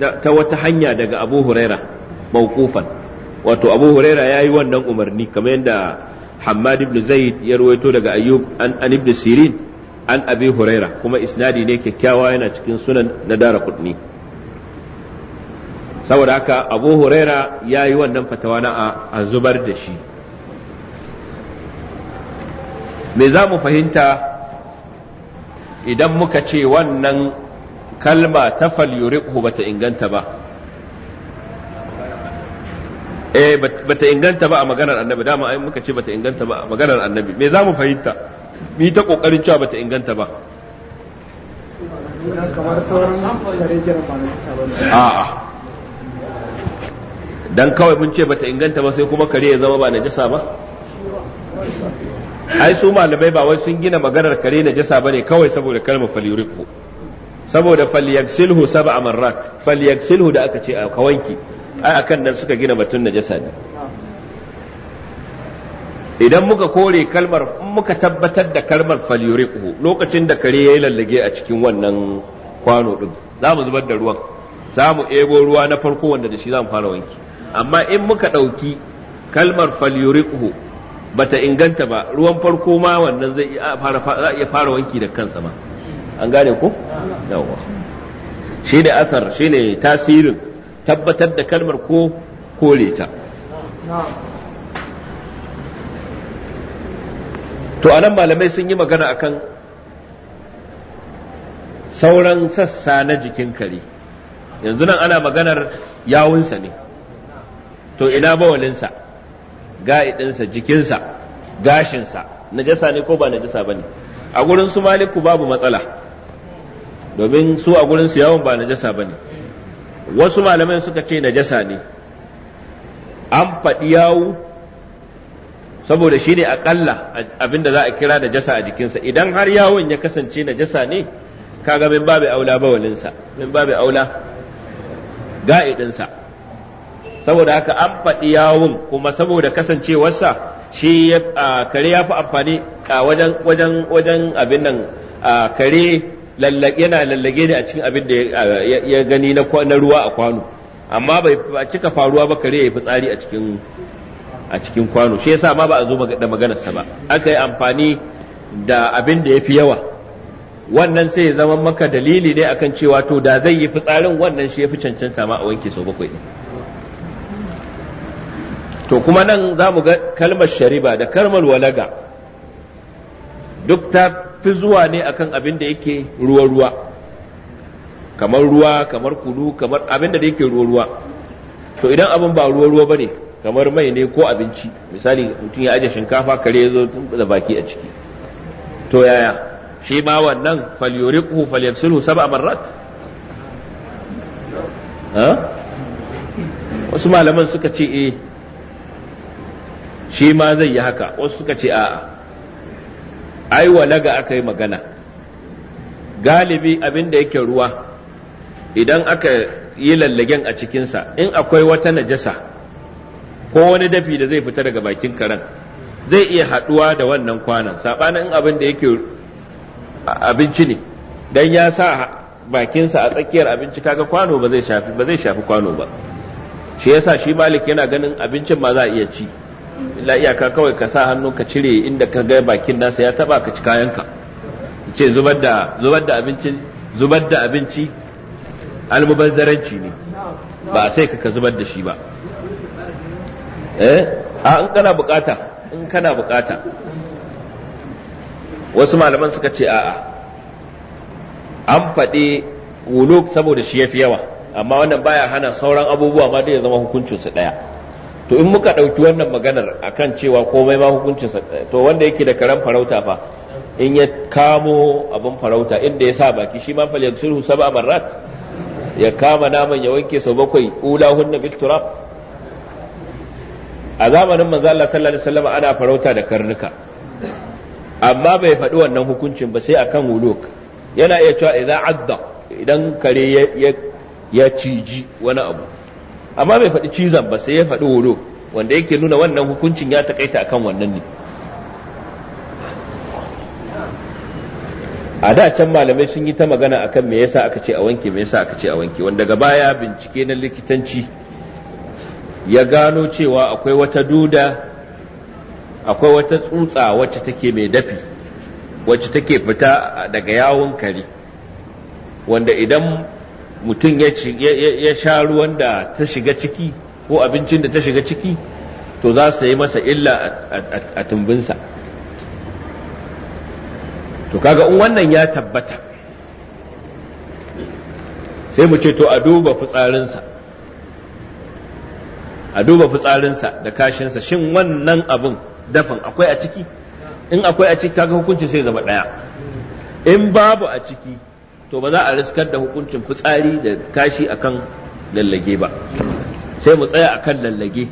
ta wata hanya daga abu huraira mawqufan wato abu huraira ya yi wannan umarni kamar yadda hammad ibn zaid ya ruwaito daga ayyub an ibn sirin an abi huraira kuma isnadi ne kyakkyawa yana cikin sunan na dara kudni saboda haka abu huraira ya yi wannan fatawa na a zubar da shi me za mu fahimta idan muka ce wannan kalma ta falyuriku bata inganta ba eh bata inganta ba a maganar annabi dama ai muka ce bata inganta ba a maganar annabi me za mu fahimta mu ta kokarin cewa bata inganta ba a'a dan kawai mun ce bata inganta ba sai kuma kare ya zama ba najasa ba ai su malamai ba wai sun gina maganar kare najasa bane kawai saboda kalmar falyuriku saboda falyaksilhu sab'a marrat falyaksilhu da aka ce a kawanki ai akan nan suka gina batun najasa ne idan muka kore kalmar muka tabbatar da kalmar falyuriqhu lokacin da kare ya yi lallage a cikin wannan kwano din za mu zubar da ruwan za mu ebo ruwa na farko wanda da shi za mu fara wanki amma in muka ɗauki kalmar ba bata inganta ba ruwan farko ma wannan zai iya fara wanki da kansa ma an gane ku? yawa shi ne asar shi ne tasirin tabbatar da kalmar ko kore ta to anan malamai sun yi magana akan sauran sassa na jikin kare yanzu nan ana maganar yawunsa ne to ina bawalinsa ga'idinsa jikinsa gashinsa najasa ne ko ba najasa ba ne a gurin su maliku babu matsala domin su a gurin su yawon ba najasa ba ne wasu malamai suka ce najasa ne an faɗi yawu saboda shi ne akalla abinda za a kira jasa a jikinsa idan har yawon ya kasance na jasa ne kaga min babu aula ba walinsa min babu aula ga'idinsa saboda haka an faɗi yawon kuma saboda kasancewarsa shi kare ya fi amfani a wajen abin nan kare yana lallage ne a cikin abin da ya gani na ruwa a kwano amma bai cika faruwa ba kare ya yi fitsari a cikin a cikin kwano shi yasa ma ba a zo da maganarsa ba aka yi amfani da abin da ya fi yawa wannan sai ya zama maka dalili ne akan cewa to da zai yi fitsarin wannan shi ya fi cancanta ma a wanke sau bakwai to kuma nan za mu ga kalmar shariba da kalmar walaga duk ta fi zuwa ne akan abin da yake ruwa-ruwa kamar ruwa kamar kudu kamar abin da yake ruwa-ruwa to idan abin ba ruwa-ruwa ba ne kamar mai ne ko abinci misali mutum ya aje shinkafa kare ya zo da baki a ciki to yaya shi ma wannan falyuriku falyafsilu sab'a marrat wasu malaman suka ce eh shi ma zai yi haka wasu suka ce a'a ai walaga aka yi magana galibi abin da yake ruwa idan aka yi lallagen a cikinsa in akwai wata najasa ko wani dafi da zai fita daga bakin karen zai iya haɗuwa da wannan kwanan saɓanin abin da yake abinci ne dan ya sa bakinsa a tsakiyar abinci kaga kwano ba zai shafi ba zai shafi kwano ba shi yasa shi malik yana ganin abincin ma za a iya ci illa iyaka kawai ka sa hannu ka cire inda ka ga bakin nasa ya taba ka ci kayanka ce zubar da zubar da abinci zubar da abinci almubazzaranci ne ba sai ka zubar da shi ba eh a in kana bukata in kana bukata wasu malaman suka ce a'a an faɗi wuluk saboda shi yafi yawa amma wannan baya hana sauran abubuwa ma dai ya zama hukuncinsu ɗaya to in muka ɗauki wannan maganar akan cewa komai ma hukuncinsa to wanda yake da karen farauta fa in ya kamo abin farauta inda ya sa baki shi ma falyar sulhu saba marrat ya kama naman ya wanke sau bakwai ula hunna bit a zamanin manzo Allah sallallahu alaihi wasallam ana farauta da karnuka amma bai faɗi wannan hukuncin ba sai akan wuluk yana iya cewa idan adda idan kare ya ciji wani abu amma bai faɗi cizan ba sai ya faɗi wuluk wanda yake nuna wannan hukuncin ya takaita akan wannan ne a da can malamai sun yi ta magana akan me yasa aka ce a wanke me yasa aka ce a wanke wanda gaba ya bincike na likitanci ya gano cewa akwai wata duda akwai wata tsutsa wacce take mai dafi wacce take fita daga yawon kari, wanda idan mutum ya sha ruwan da ta shiga ciki ko abincin da ta shiga ciki to za su yi masa illa a tumbinsa to kaga in wannan ya tabbata sai mu ce to a duba fitsarinsa a duba fitsarinsa da kashinsa shin wannan abin dafin akwai a ciki in akwai a ciki kaga hukunci sai zama ɗaya in babu a ciki to ba za a riskar da hukuncin fitsari da kashi akan lallage ba sai mu tsaya akan lallage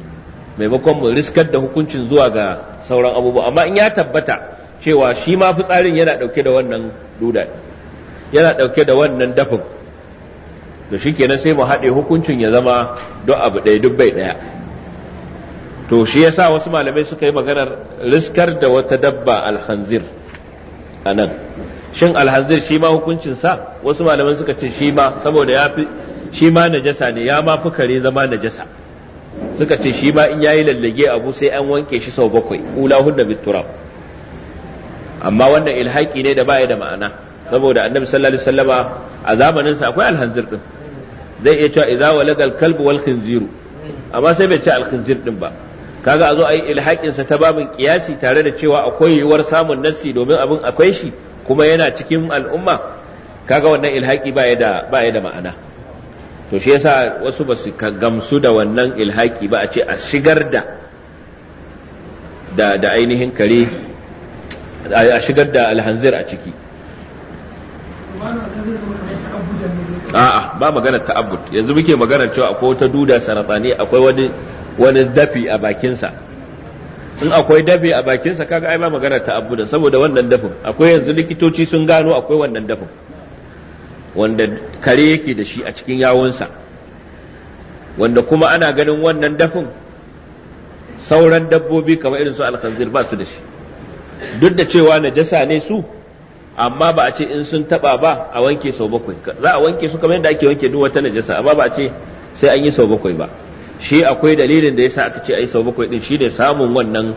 maimakon mu riskar da hukuncin zuwa ga sauran abubuwa amma in ya tabbata cewa shi ma fitsarin yana ɗauke da wannan duda yana ɗauke da wannan dafin to shikenan sai mu haɗe hukuncin ya zama duk abu ɗaya duk bai ɗaya to shi yasa wasu malamai suka yi maganar riskar da wata dabba alhanzir a nan shin alhanzir shi ma hukuncin sa wasu malamai suka ce shi ma saboda ya fi shi ma najasa ne ya ma fi kare zama najasa suka ce shi ma in yi lallage abu sai an wanke shi sau bakwai ula hunna biturab amma wannan ilhaki ne da baya da ma'ana saboda annabi sallallahu alaihi wasallama a zamanin sa akwai alhanzir din zai iya cewa wa lagal kalbu wal khinziru amma sai bai ce al khinzir din ba kaga a zo a yi ilhakin sa ta babin kiyasi tare da cewa akwai yiwuwar samun nassi domin abin akwai shi kuma yana cikin al'umma kaga wannan ilhaki ba ya da ba ya da ma'ana to shi yasa wasu ba su gamsu da wannan ilhaki ba a ce a shigar da da ainihin kare a shigar da alhanzir a ciki a'a ba maganar Abud. yanzu muke maganar cewa akwai wata duda Saratsani, akwai wani wani dafi a bakinsa in akwai dafi a bakinsa kaga ai ba maganar Abud saboda wannan dafin akwai yanzu likitoci sun gano akwai wannan dafin wanda kare yake da shi a cikin yawunsa wanda kuma ana ganin wannan dafin sauran dabbobi kamar irin su alkhanzir ba su da shi duk da cewa najasa ne su amma ba a ce in sun taba ba a wanke sau bakwai za a wanke su kamar yadda ake wanke duk wata najasa amma ba a ce sai an yi sau bakwai ba shi akwai dalilin da yasa aka ce ai sau bakwai din shi ne samun wannan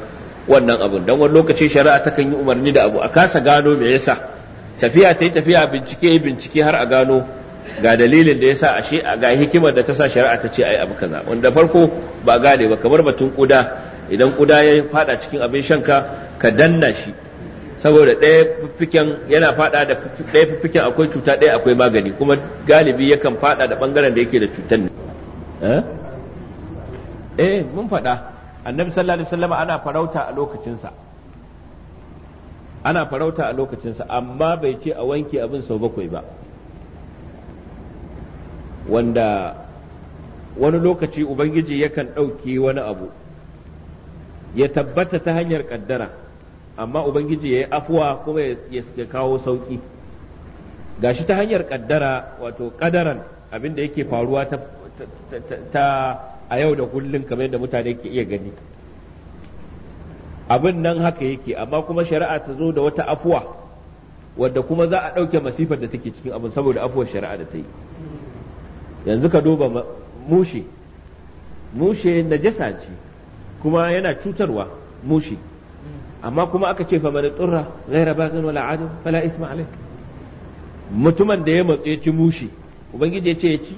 wannan abun dan wani lokaci shari'a ta kan yi umarni da abu a kasa gano me yasa tafiya ta yi tafiya bincike bincike har a gano ga dalilin da yasa ashe ga hikimar da ta sa shari'a ta ce ai abu kaza wanda farko ba gane ba kamar batun kuda idan kuda ya fada cikin abin shanka ka danna shi saboda ɗaya fiffiken yana fada da ɗaya fiffiken akwai cuta ɗaya akwai magani kuma galibi yakan fada da ɓangaren da yake da cutar ne eh? eh mun faɗa annabi sallallahu alaihi wasallam ana farauta a lokacinsa ana farauta a lokacinsa amma bai ce a wanke abin sau bakwai ba wanda wani lokaci ubangiji yakan ɗauki wani abu ya tabbata ta hanyar ƙaddara amma ubangiji ya yi afuwa kuma ya kawo sauƙi, gashi ta hanyar ƙaddara wato kadaran abin da yake faruwa ta, a yau da kullum kamar yadda mutane ke iya gani abin nan haka yake amma kuma shari'a ta zo da wata afuwa wadda kuma za a ɗauke masifar da take cikin abin saboda afuwar shari'a da ta yi yanzu ka duba mushe mushe najasa ce kuma yana cutarwa mushe amma kuma aka ce fa man turra ghaira baghin wala adu fala isma alayk mutumin da ya matse ci mushi ubangiji ya ce ya ci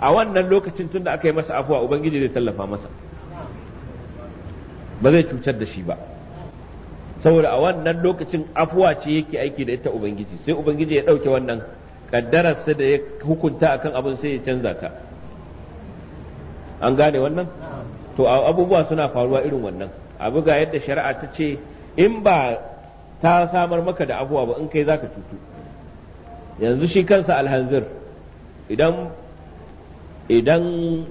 a wannan lokacin tunda aka yi masa afuwa ubangiji zai tallafa masa ba zai cutar da shi ba saboda a wannan lokacin afuwa ce yake aiki da ita ubangiji sai ubangiji ya ɗauke wannan kaddararsa da ya hukunta akan abin sai ya canza ta an gane wannan to abubuwa suna faruwa irin wannan abu ga yadda shari'a ta ce in ba ta samar maka da abuwa ba in kai zaka cutu yanzu shi kansa alhanzir idan idan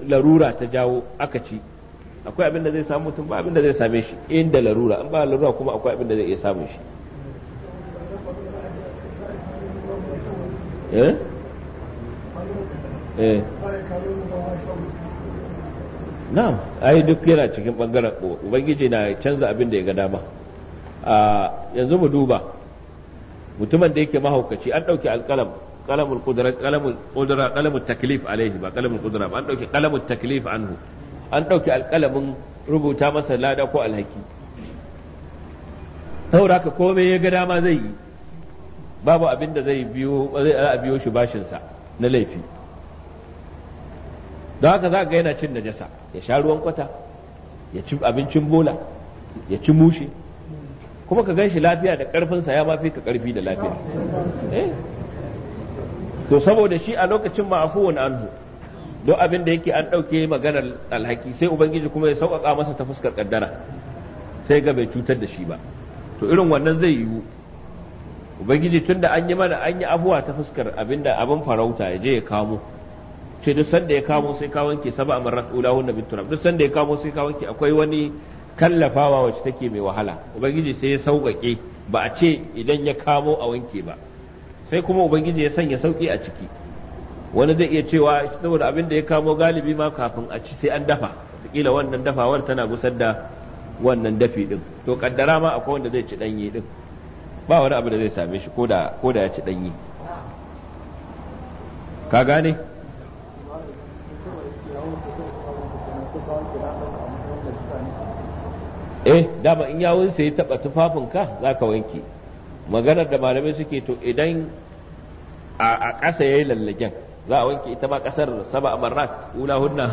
larura ta jawo aka ci akwai abin da zai samu mutum ba abin da zai same shi inda larura in ba larura kuma akwai abin da zai iya samun shi eh eh na'am ai duk yana cikin bangaren ubangiji na canza abin da ya ga dama a yanzu mu duba mutumin da yake mahaukaci an dauke alƙalam qalamul qudra qalamul qudra qalamul taklif alaihi ba qalamul qudra ba an dauke qalamul taklif anhu an dauke alƙalamin rubuta masa lada ko alhaki saboda haka komai ya ga dama zai yi babu abin da zai biyo zai biyo shi bashin sa na laifi don haka za ga yana cin najasa ya sha ruwan kwata ya ci abincin bola ya ci mushe kuma ka gan shi lafiya da karfinsa ya mafi ka karfi da lafiya eh? to saboda shi a lokacin wani anhu don abin da yake an ɗauke maganar alhaki sai ubangiji kuma ya sauƙaƙa masa ta fuskar ƙaddara sai ga bai cutar da shi ba to irin wannan zai yiwu ubangiji tun da an yi mana an yi abuwa ta fuskar abin da abin farauta ya je ya kamo ce duk sanda ya kamo sai ka wanke saba amarat ulahunna na bintura duk sanda ya kamo sai ka wanke akwai wani kallafawa wacce take mai wahala ubangiji sai ya sauƙaƙe ba a ce idan ya kamo a wanke ba sai kuma ubangiji ya sanya sauƙi a ciki wani zai iya cewa saboda abin da ya kamo galibi ma kafin a ci sai an dafa kila wannan dafawar tana gusar da wannan dafi din to kaddara ma akwai wanda zai ci danye din ba wani abu da zai same shi ko da ya ci ɗanye ka gane eh dama in yawun sai ya taba tufafinka za ka wanke maganar da malamai suke to idan a ƙasa ya yi lallagen za a wanke ita ma ƙasar saba a marat ula hunna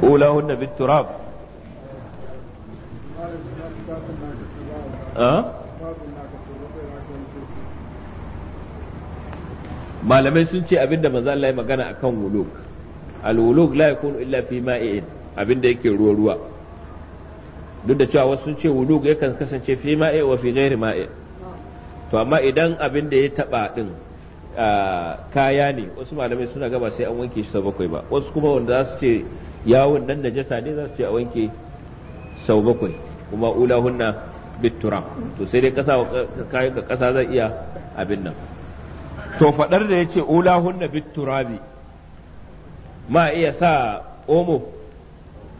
ula hunna bin turab ah? malamai sun ce abinda manzo Allah ya magana akan wuluk al wuluk la yakunu illa fi ma'in abinda yake ruwa ruwa duk da cewa wasu ce ga yakan kasance fi ma'i wa fi ghairi ma'i to amma idan abin da ya taba din kaya ne wasu malamai suna gaba sai an wanke shi sau bakwai ba wasu kuma wanda za su ce yawon nan najasa ne za su ce a wanke sau bakwai kuma ulahunna bittura to sai dai kasa kayan ka kasa zai iya abin nan to fadar da yace ulahunna biturabi ma iya sa omo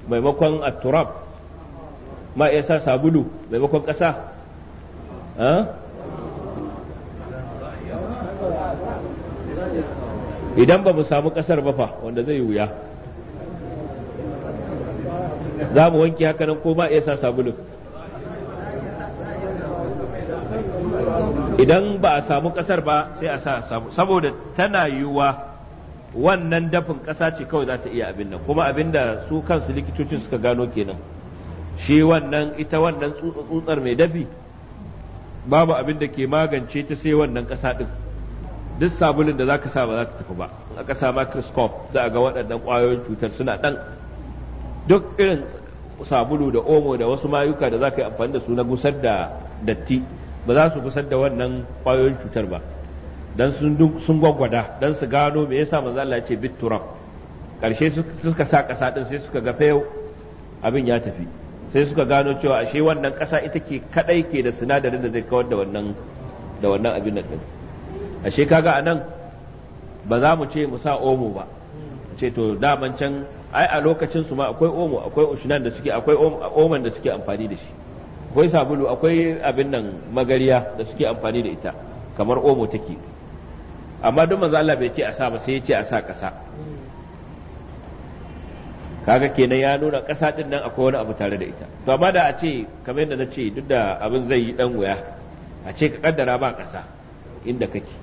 maimakon at-turab ma iya sa sabulu maimakon ƙasa idan ba mu samu ƙasar ba fa wanda zai wuya za mu wanke hakanan ko ma iya sa sabulu idan ba a samu ƙasar ba sai a sa samu saboda tana yiwuwa wannan dafin ƙasa ce kawai za ta iya abin nan kuma abin da su kansu likitocin suka gano kenan shi wannan ita wannan tsutsar mai dafi babu abin da ke magance ta sai wannan ƙasa ɗin duk sabulin da za ka sa ba za ta tafi ba a ƙasa microscope za a ga waɗannan ƙwayoyin cutar suna ɗan duk irin sabulu da omo da wasu mayuka da za ka yi amfani da su na gusar da datti ba za su gusar da wannan ƙwayoyin cutar ba dan sun gwaggwada dan su gano me yasa manzo Allah ya ce bitturab karshe suka sa ƙasa ɗin sai suka ga yau abin ya tafi sai suka gano cewa ashe wannan ƙasa ita ke kadai ke da sinadarin da zai kawar da wannan da wannan abin nan ashe kaga anan ba za mu ce mu sa omo ba ce to daman can ai a lokacin su ma akwai omo akwai ushinan da suke akwai oman da suke amfani da shi akwai sabulu akwai abin nan magariya da suke amfani da ita kamar omo take amma duk manzo Allah bai ce a sa ba sai ya ce a sa ƙasa kaga kenan ya nuna ƙasa ɗin nan akwai wani abu tare da ita to amma da a ce kamar yadda na ce duk da abin zai yi ɗan wuya a ce ka kaddara ba ƙasa inda kake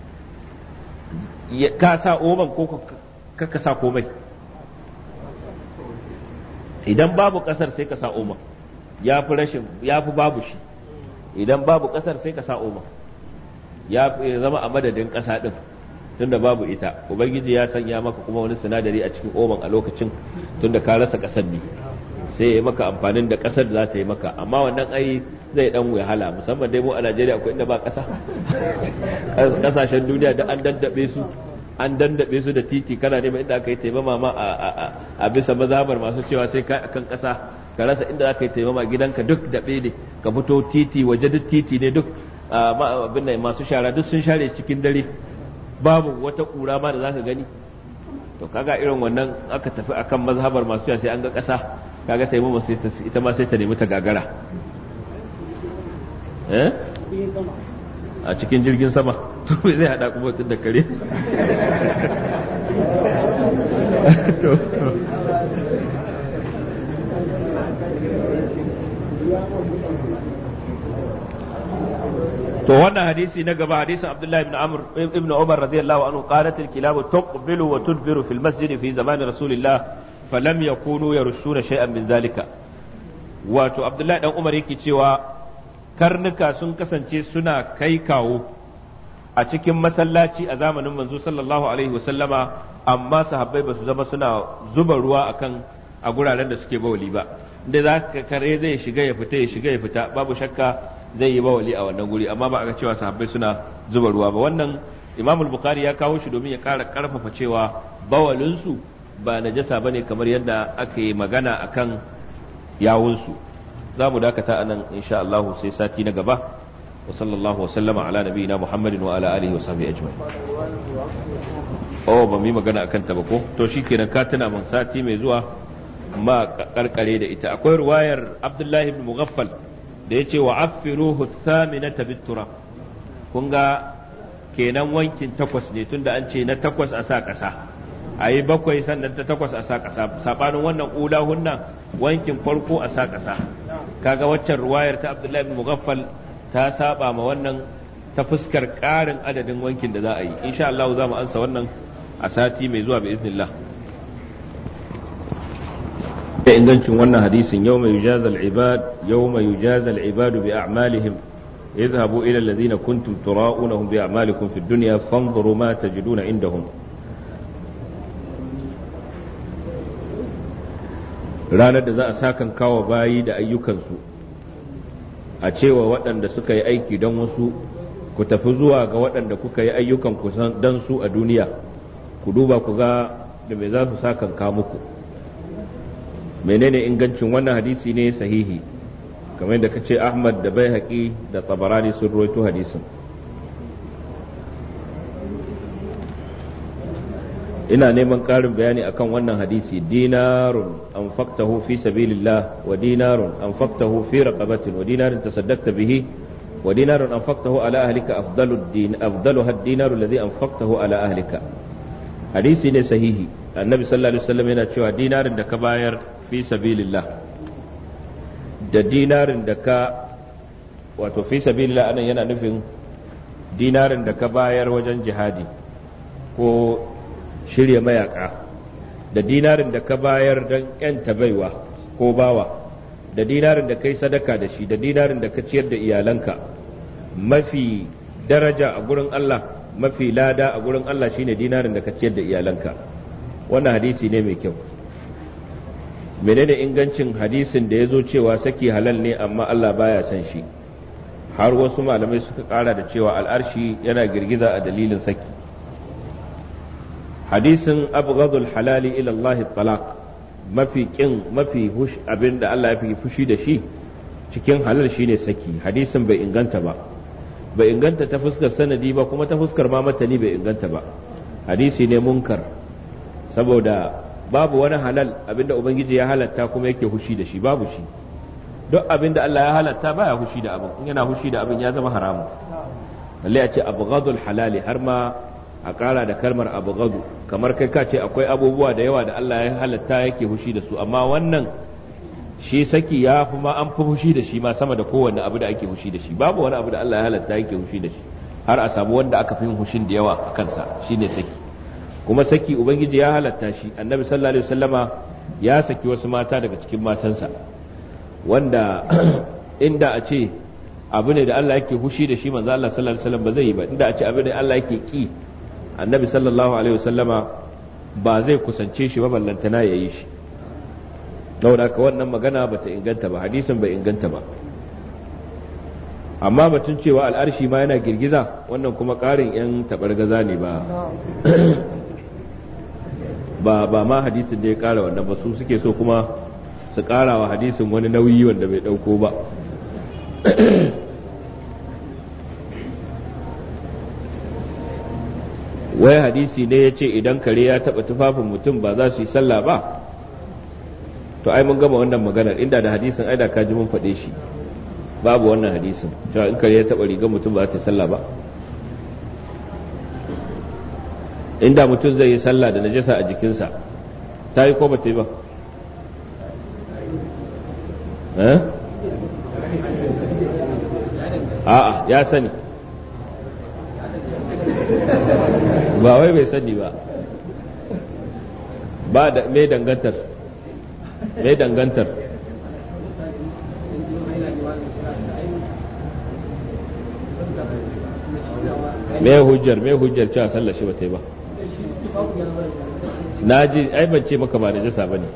ka sa oman ko ka sa komai idan babu ƙasar sai ka sa oman ya fi rashin ya fi babu shi idan babu ƙasar sai ka sa oman ya zama a madadin ƙasa ɗin tunda babu ita ubangiji ya sanya maka kuma wani sinadari a cikin oman a lokacin tunda ka rasa kasar ne sai ya maka amfanin da kasar za ta yi maka amma wannan ai zai dan wahala musamman dai mu a Najeriya akwai inda ba kasa kasashen [LAUGHS] duniya da an daddabe su an dandabe su da titi kana neman inda aka yi taimama ma a bisa mazhabar masu cewa sai ka kan kasa ka rasa inda za ka yi taimama gidanka duk da ne ka fito titi waje duk titi ne duk ah, abin nan masu shara duk sun share cikin dare babu wata kura ma da zaka gani to kaga irin wannan aka tafi akan mazhabar masu sai an ga ƙasa kaga taimama sai ta ita ma sai ta nemi ta gagara eh a cikin jirgin sama [LAUGHS] to me zai hada kuma tun da kare [LAUGHS] to to wannan hadisi na gaba hadisin Abdullahi ibn Amr ibn Umar radiyallahu anhu qalat al-kilab tuqbilu wa tudbiru fil masjid fi zaman rasulillah falam yakunu yarushuna shay'an min zalika wato Abdullahi dan Umar yake cewa karnuka sun kasance suna kai kawo a cikin masallaci a zamanin manzo sallallahu alaihi wasallama amma sahabbai ba su zama suna zuba ruwa akan a guraren da suke bauli ba da za ka kare zai shiga ya fita ya shiga ya fita babu shakka zai yi bawali a wannan guri amma ba a ga cewa sahabbai suna zuba ruwa ba wannan imamul bukhari ya kawo shi domin ya kara karfafa cewa bawalinsu ba najasa ba ne kamar yadda aka yi magana akan kan su za mu dakata a nan insha Allah sai sati na gaba wa sallallahu wasallama ala nabiyina muhammadin wa ala alihi wa sahbihi ajma'in oh ba mu yi magana akan ta ba ko to shikenan ka tuna mun sati mai zuwa ma karkare da ita akwai ruwayar abdullahi ibn mughaffal da ya ce wa affiruhu thaminata tabittura kun ga kenan wankin takwas ne tunda an ce na takwas a sa ƙasa a yi bakwai sannan ta takwas a sa ƙasa saɓanin wannan ƙula hunna wankin farko a sa ƙasa kaga waccan ruwayar ta abdullahi bin mughaffal ta saba ma wannan ta fuskar ƙarin adadin wankin da za a yi insha Allah za mu ansa wannan a sati mai zuwa bi iznillah da ingancin wannan hadisin yau mai yujazal ibad yau mai yujazal ibadu bi a'malihim اذهبوا إلى الذين كنتم تراؤونهم بأعمالكم في الدنيا فانظروا ما تجدون عندهم ranar da za a sakan kawo bayi da ayyukansu a cewa waɗanda suka yi aiki don wasu ku tafi zuwa ga waɗanda kuka yi ayyukan don su a duniya ku duba ku ga da mai za su sakan muku menene ingancin wannan hadisi ne sahihi kamar yadda ce Ahmad da Baihaqi da Tabarani sun ruwaito hadisin ina neman ƙarin bayani akan wannan hadisi dinarun an faktahu fi sabilillah wa dinarun an faktahu fi raqabatin wa dinarun tasaddaqta bihi wa dinarun an faktahu ala ahlika afdalu din afdalu had dinaru alladhi an faktahu ala ahlika hadisi ne sahihi annabi sallallahu alaihi wasallam yana cewa dinarin da ka bayar fi sabilillah da dinarin da ka wato fi sabilillah anan yana nufin dinarin da ka bayar wajen jihadi ko shirya mayaka da dinarin da ka bayar don yanta baiwa ko bawa da dinarin da kai sadaka da shi da dinarin da ka ciyar da iyalanka mafi daraja a gurin Allah mafi lada a gurin Allah shine dinarin da ka ciyar da iyalanka wannan hadisi ne mai kyau menene ingancin hadisin da ya zo cewa saki halal ne amma Allah baya son shi har wasu malamai suka kara da cewa al'arshi yana girgiza a dalilin saki hadisin abghadul halali ila Allah talaq mafi kin mafi hush abin da Allah ya fi fushi da shi cikin halal shine saki hadisin bai inganta ba bai inganta ta fuskar sanadi ba kuma ta fuskar ma matani bai inganta ba hadisi ne munkar saboda babu wani halal abinda ubangiji ya halatta kuma yake hushi da shi babu shi duk abinda Allah ya halatta baya hushi da abin in yana hushi da abin ya zama haramu. lalle a ce abghadul halal har ma a kara da kalmar abghadu kamar kai ka ce akwai abubuwa da yawa da Allah ya halatta yake hushi da su amma wannan shi saki ya fi ma an fi fushi da shi ma sama da kowane abu da ake fushi da shi babu wani abu da Allah ya halatta yake fushi da shi har a samu wanda aka fi hushin da yawa a kansa shine saki kuma saki ubangiji ya halatta shi annabi sallallahu alaihi wasallama ya saki wasu mata daga cikin matansa wanda [CLEARS THROAT] inda a ce abu ne da Allah yake hushi da shi manzo Allah sallallahu alaihi wasallam ba zai yi ba inda a ce abu ne Allah yake ki annabi sallallahu alaihi wasallama ba zai kusance shi ba ballantana yayi shi saboda haka wannan magana bata inganta ba hadisin bai inganta ba amma batun cewa al'arshi ma yana girgiza wannan kuma ƙarin 'yan taɓargaza ne ba [COUGHS] ba ba ma hadisin da ya ƙara wannan ba su suke so kuma su ƙara wa hadisin wani nauyi wanda bai ɗauko ba [COUGHS] wai hadisi ne ya ce idan kare ya taɓa tufafin mutum ba za su yi sallah ba to ai mun gama wannan maganar inda da hadisin ai da ka ji mun faɗe shi babu wannan hadisin cewa in kare ya taɓa rigar mutum ba za ta sallah ba inda mutum zai yi sallah da najasa a jikinsa ta yi ko ba ta yi ba eh? a'a ya sani ba wai bai sani ba ba da mai dangantar yi dangantar me hujjar me hujjar cewa sallar shi ba ta yi ba na ji ai ban ce maka ba najasa ba ne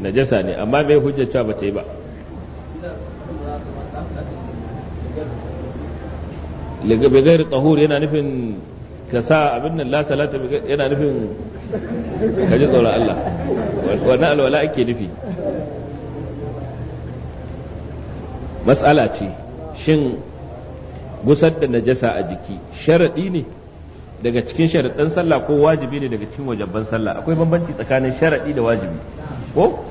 najasa ne amma me hujjar cewa ba ta yi ba liga bai gairi tsahur yana nufin ka sa abin nan la salata yana nufin ka ji tsoron Allah wannan alwala ake nufi matsala ce shin gusar da najasa a jiki sharaɗi ne daga cikin sharaɗin sallah ko wajibi ne daga cikin wajabban sallah akwai bambanci tsakanin sharaɗi da wajibi ko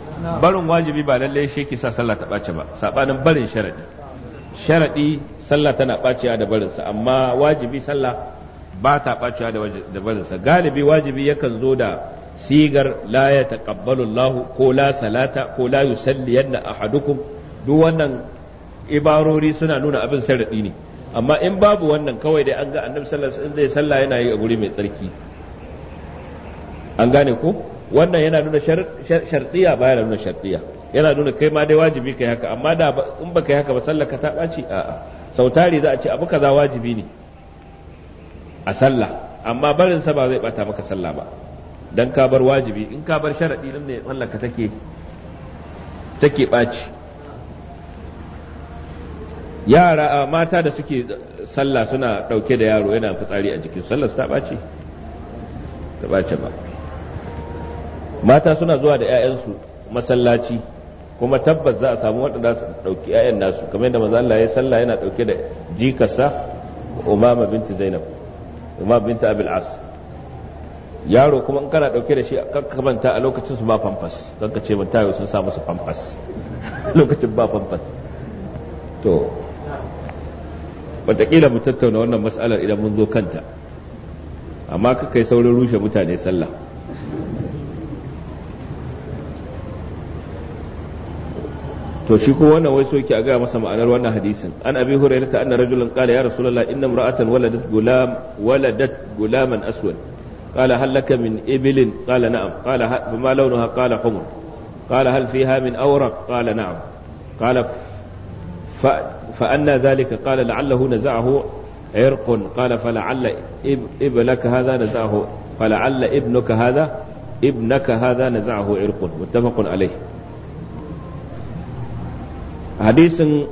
barin wajibi ba lallai shi ke sa sallah ta ɓace ba saɓanin barin sharaɗi sharaɗi sallah tana ɓacewa da barinsa amma wajibi sallah ba ta ɓacewa da barinsa galibi wajibi yakan zo da sigar la ya taqabbalu Allah ko la salata ko la yusalli yadda ahadukum duk wannan ibarori suna nuna abin sarraɗi ne amma in babu wannan kawai dai an ga annabi sallallahu alaihi wasallam zai sallah yana yi a guri mai tsarki an gane ko wannan yana nuna shartiya ba yana nuna shartiya yana nuna kai ma dai wajibi kai haka amma da in baka yi haka ba sallar ka ta ɓaci a'a sautari za a ce abu kaza wajibi ne a sallah amma barin sa ba zai bata maka sallah ba dan ka bar wajibi in ka bar sharadi din ne sallar ka take take baci yara mata da suke sallah suna dauke da yaro yana fitsari a jikin sallar ta baci ta baci ba mata suna zuwa da 'ya'yansu masallaci kuma tabbas za a samu waɗanda su ɗauki 'ya'yan nasu kamar yadda maza Allah ya sallah yana ɗauke da jikarsa umama binti zainab umar binta abil as yaro kuma in kana dauke da shi kakka manta a lokacin su ba famfas ka ce mun tayo sun sa musu famfas [LAUGHS] lokacin ba famfas to wataƙila mu tattauna wannan mas'alar idan mun zo kanta amma kakai saurin rushe mutane sallah to shi kuma wannan wai soki a gaya masa ma'anar wannan hadisin an abi hurairah ta anna rajulan qala ya rasulullah inna imra'atan waladat gulam waladat gulaman aswad qala hal laka min ibilin qala na'am qala fama launuha qala humr qala hal fiha min awraq qala na'am qala فأنا ذلك قال لعله نزعه عرق قال فلعل إبلك هذا نزعه فلعل ابنك هذا ابنك هذا نزعه عرق متفق عليه hadisin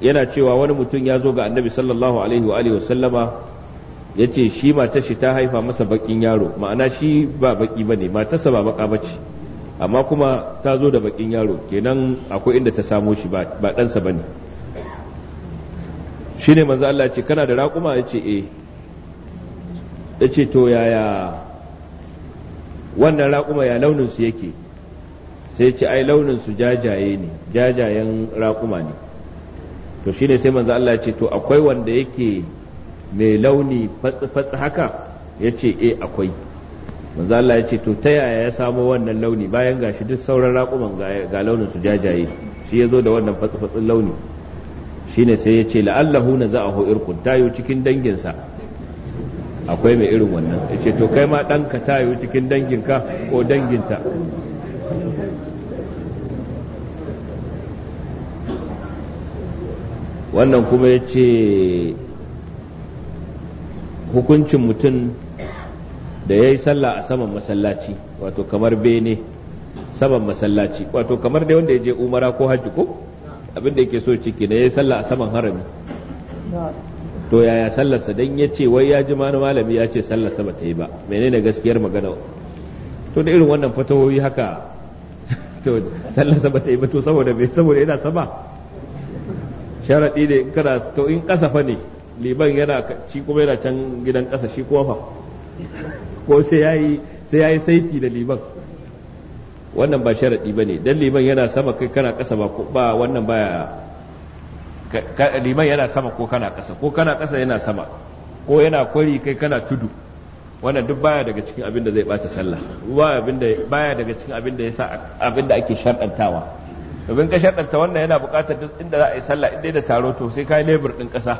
yana cewa wani mutum ya zo ga annabi sallallahu alaihi wa sallama ya ce shi mata shi ta haifa masa bakin yaro ma'ana shi ba baki ba ne matarsa ba baka ba ce amma kuma ta zo da bakin yaro kenan akwai inda ta samo shi ba ɗansa ba ne shi ne manzo Allah ce kana da raƙuma ya ce eh ya ce to yaya wannan raƙuma ya launinsu yake sai ce ai launin su jajaye ne jajayen raƙuma ne to shine sai manzo Allah ya ce to akwai wanda yake mai launi fatsi-fatsi haka ya ce e akwai manzo Allah ya ce to ta yaya ya samo wannan launi bayan gashi duk sauran raƙuman ga launin su jajaye shi ya zo da wannan fatsi-fatsin launi shine sai ya ce la'allahu na za'ahu irkun tayo cikin danginsa akwai mai irin wannan ya ce to kai ma ɗanka tayo cikin danginka ko danginta wannan kuma ya ce hukuncin mutum da ya yi sallah a saman masallaci wato kamar bene saman masallaci wato kamar da wanda ya je umara ko hajji ko abinda yake so ciki na ya yi sallah a saman harami to yaya sallarsa don ya ce wai ya ji mani malami ya ce sallarsa ba ta yi ba menene gaskiyar magana to da irin wannan fatawoyi haka [LAUGHS] to sallarsa ba ta yi ba to saboda me saboda yana sama sharaɗi ne in kana to in ƙasa fa ne liban yana shi kuma yana can gidan ƙasa shi kuma fa ko sai yayi sai yayi saiti da liban wannan ba sharaɗi bane dan liban yana sama kai kana ƙasa ba ko ba wannan baya liman yana sama ko kana ƙasa ko kana ƙasa yana sama ko yana kwari kai kana tudu wannan duk baya daga cikin abin da zai bata sallah baya daga cikin abin da yasa abin da ake sharɗantawa domin ka shaɗanta wannan yana buƙatar duk inda za a yi sallah inda da taro to sai yi lebur ɗin ƙasa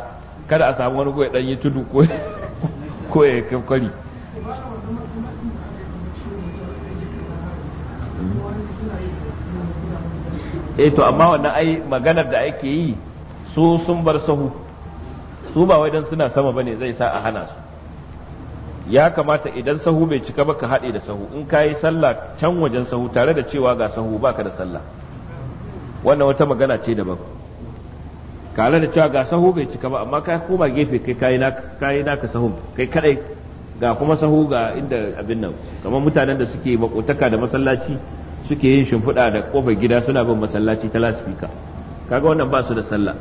kada a samu wani goyi ɗanyi tudu ko ko ya kwari. eh to amma wannan ai maganar da ake yi su sun bar sahu su ba wai dan suna sama bane zai sa a hana su ya kamata idan sahu bai cika ba ka haɗe da sahu in ka yi sallah can wajen sahu tare da cewa ga sahu baka da sallah wannan wata magana ce daban kare da cewa ga sahu bai cika ba amma kai koma gefe kai na kai na naka sahu kai kadai ga kuma sahu ga inda abin nan kamar mutanen da suke makotaka da masallaci suke yin shimfiɗa da kofar gida suna bin masallaci ta lasifika kaga wannan ba su da sallah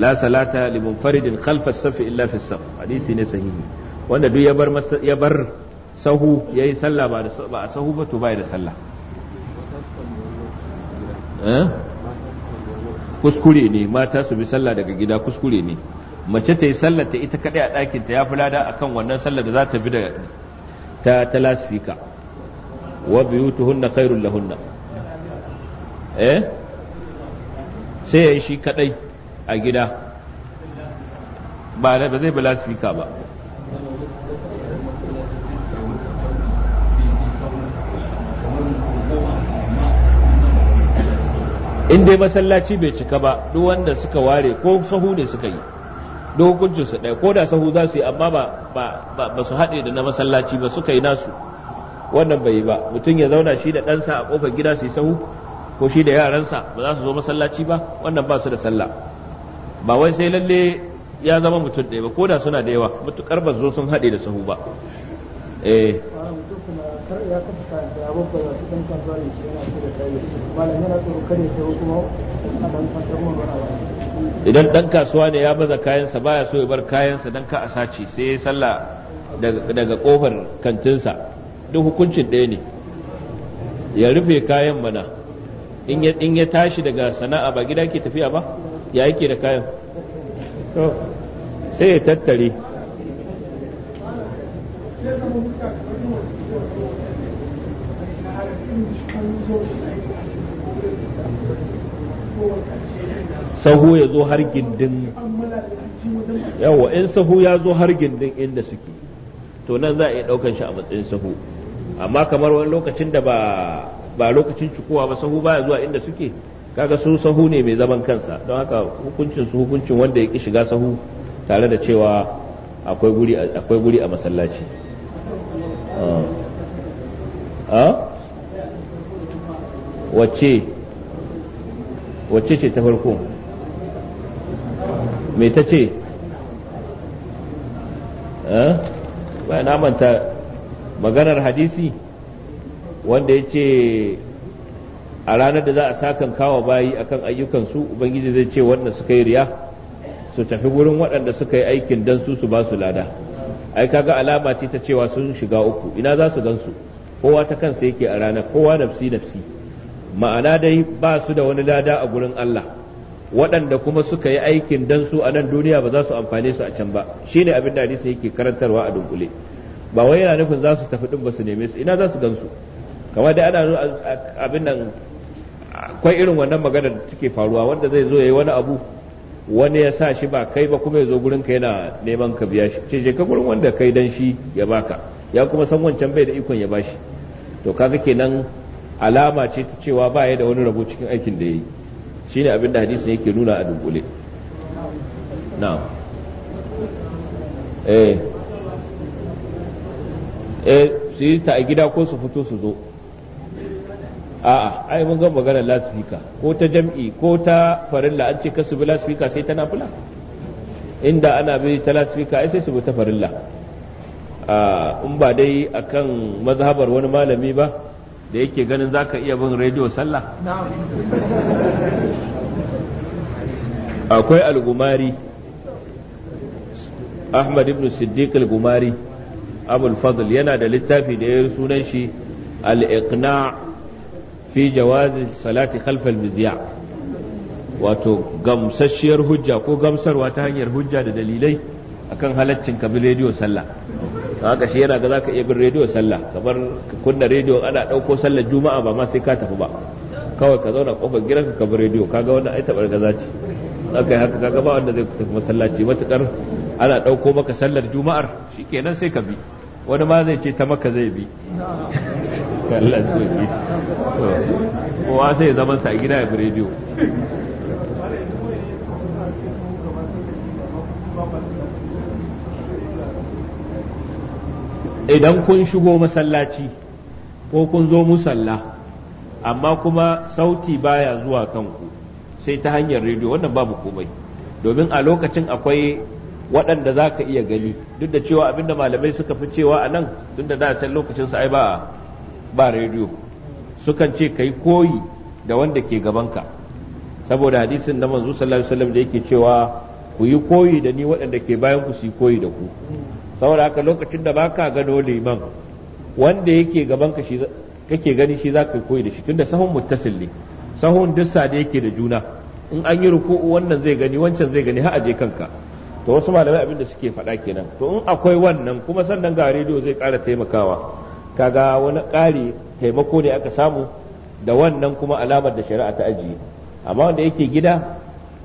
la salata li munfaridin khalfa safi illa fi saf hadisi ne sahihi wanda duk ya bar ya bar sahu yayi sallah ba da ba a sahu ba to bai da sallah eh kuskure ne mata su bi sallah daga gida kuskure ne mace ta yi sallar ta ita kadai a ɗakin ta ya fi lada akan wannan sallar da za ta bi da ta ta lasfika wa biyutuhunna khairul lahunna eh sai ya yi shi kadai a gida ba ba zai bi lasifika ba in dai masallaci bai cika ba duk wanda suka ware ko sahu ne suka yi duk hukuncin su ɗaya ko da sahu za su yi amma ba ba su haɗe da na masallaci ba suka yi nasu wannan bai yi ba mutum ya zauna shi da ɗansa a kofar gida su yi sahu ko shi da yaransa ba za su zo masallaci ba wannan ba su da sallah ba wai sai lalle ya zama mutum ɗaya ba ko da suna da yawa mutukar ba zo sun haɗe da sahu ba eh ya kasa ya babba ya su ɗan kasuwa shi yana da malam yana tsoro kare ta kuma dan mun idan ɗan kasuwa ne ya baza kayansa baya so ya bar kayansa dan ka a sace sai ya sallah daga kofar kantinsa duk hukuncin ɗaya ne ya rufe kayan mana in ya tashi daga sana'a ba gida ke tafiya ba ya yake da kayan sai ya tattare sahu ya zo har gindin yawa in sahu ya zo har gindin inda suke to nan za a iya ɗaukan shi a matsayin sahu amma kamar wani lokacin da ba ba lokacin cikowa ba sahu baya zuwa inda suke kaga su sahu ne mai zaman kansa don haka hukuncin su hukuncin wanda ya ki shiga sahu tare da cewa akwai guri a masallaci ah. Ah? wacce wacce ce ta farko me ta ce eh? bayan amanta maganar hadisi wanda ya ce a ranar da za a sakan kawo bayi akan ayyukansu ubangiji zai ce wanda suka yi riya su tafi wurin waɗanda suka yi aikin don su su ba su lada ai kaga alama ce ta cewa sun shiga uku ina za su gansu kowa ta kansa yake a ranar kowa nafsi nafsi ma'ana dai ba su da wani lada a gurin Allah waɗanda kuma suka yi aikin dan su a nan duniya ba za su amfane su a can ba shine abin da hadisi yake karantarwa a dunkule ba wai yana nufin za su tafi din ba su neme su ina za su gansu kamar dai ana abin nan akwai irin wannan magana da take faruwa wanda zai zo yayi wani abu wani ya sa shi ba kai ba kuma ya zo gurin ka yana neman ka biya shi ce ka gurin wanda kai dan shi ya baka ya kuma san wancan bai da ikon ya bashi to kaga kenan alama ce ta cewa ba ya da wani rabo cikin aikin da ya yi shi ne abinda hadisin yake nuna a dunkule na eh. eh, su yi ta a gida ko su fito su zo a'a ai mun gan maganar lasfika ko ta jam'i ko ta farilla an ce kasu bi lasfika sai ta nafula inda ana bi ta lasfika ai sai su bi ta farilla ah, in ba dai akan mazhabar wani malami ba da yake ganin za ka iya bin rediyo sallah akwai algumari ahmad ibn siddiq algumari abul yana da littafi da ya yi sunan shi al-iqna fi jawazi salati khalfal mizya wato gamsasshiyar hujja ko gamsarwa ta hanyar hujja da dalilai akan halaccin kabi rediyo sallah haka shi yana ga za ka iya bin rediyo sallah kamar ka kunna rediyo ana ɗauko sallar juma'a ba ma sai ka tafi ba kawai ka zauna kofar gidan ka bi rediyo ka ga wannan ai taɓar gaza ce aka yi haka ga ba wanda zai tafi masallaci matukar ana ɗauko maka sallar juma'ar shi kenan sai ka bi wani ma zai ce ta maka zai bi [LAUGHS] Allah sai bi kowa sai zaman sa gida ya bi rediyo idan kun shigo masallaci ko kun zo musalla amma kuma sauti baya zuwa kanku sai ta hanyar rediyo wannan babu komai domin a lokacin akwai waɗanda za ka iya gani duk da cewa abinda malamai suka fi cewa a nan tun da da lokacin sa ai ba ba rediyo sukan ce kai koyi da wanda ke gabanka saboda hadisin da manzo sallallahu alaihi wasallam da yake cewa ku yi koyi da ni waɗanda ke bayan ku su yi koyi da ku saboda haka lokacin da baka gano liman wanda yake gaban ka shi kake gani shi zaka koyi da shi tunda sahun muttasil ne sahun dussa da yake da juna in an yi ruku'u wannan zai gani wancan zai gani har aje kanka to wasu malamai abin da suke faɗa kenan to in akwai wannan kuma sannan ga rediyo zai ƙara taimakawa kaga wani ƙari taimako ne aka samu da wannan kuma alamar da shari'a ta ajiye amma wanda yake gida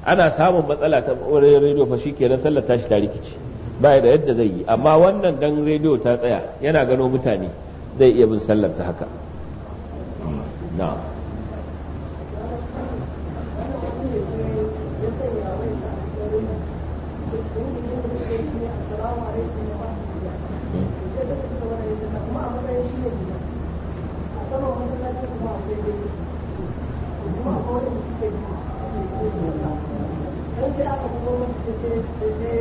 ana samun matsala ta rediyo fa shi kenan sallar tashi ta rikici ba da yadda zai yi amma wannan dan rediyo ta tsaya yana gano mutane zai iya bin sallar ta haka na Thank hmm. you.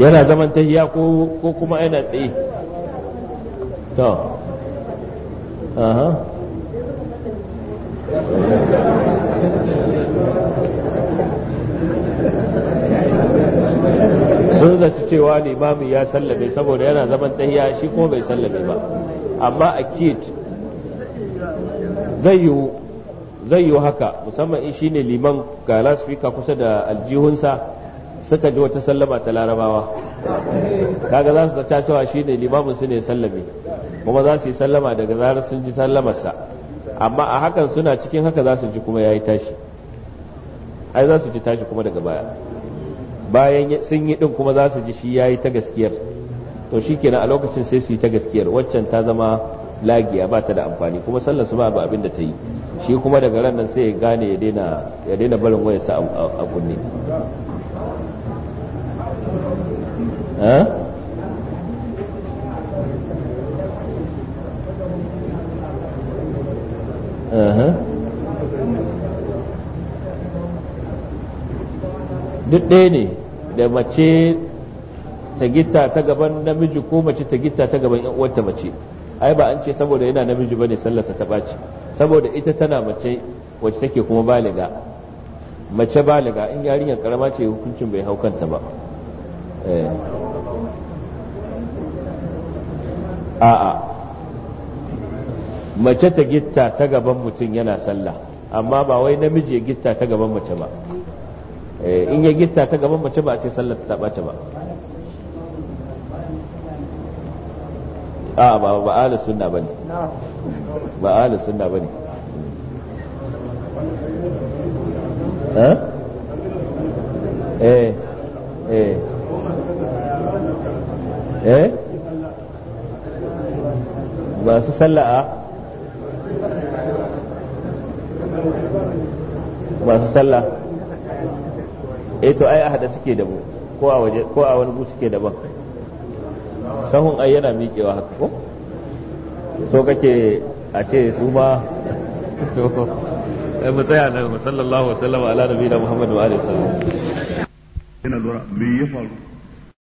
yana zaman tahiya ko kuma yana tsaye to aha sun zaci cewa limami ya sallame saboda yana zaman tahiya shi ko bai sallame ba amma a kit zai yiwu zai yi haka musamman in shine liman ga lasfika kusa da aljihunsa suka ji wata sallama ta larabawa kaga za su zata cewa shi ne limamin su ne sallame kuma za su yi sallama daga zarar sun ji sallamarsa amma a hakan suna cikin haka za su ji kuma ya yi tashi ai za su ji tashi kuma daga baya bayan sun yi din kuma za su ji shi ya yi ta gaskiyar to shi kenan a lokacin sai su yi ta gaskiyar waccan ta zama lagiya ba ta da amfani kuma sallar su ba ba abin da ta yi shi kuma daga ran nan sai ya gane ya daina barin wayarsa a kunne duk ɗaya ne da mace ta gita ta gaban namiji ko mace ta gita ta gaban uwarta mace ai ba an ce saboda yana namiji bane sallarsa ta ɓaci saboda ita tana mace wacce take kuma baliga mace baliga in yarinyar karama ce hukuncin bai haukanta ba eh. a'a mace ta gitta ta gaban mutum yana sallah amma ba wai namiji ya gitta ta gaban mace ba eh, in ya gitta ta gaban mace ba a ce sallar ta ɓace ba a ba ba ala sunna bane ba ala sunna bane eh eh eh, eh? ba su sallah masu sallah eh to ai a hada suke da mu ko a waje ko a wani gu suke daban sahun ai yana miƙewa haka ko so kake a ce su ba [LAUGHS] to ai mu tsaya nan sallallahu alaihi wa sallam ala nabiyina muhammad wa alihi wasallam ina lura me ya faru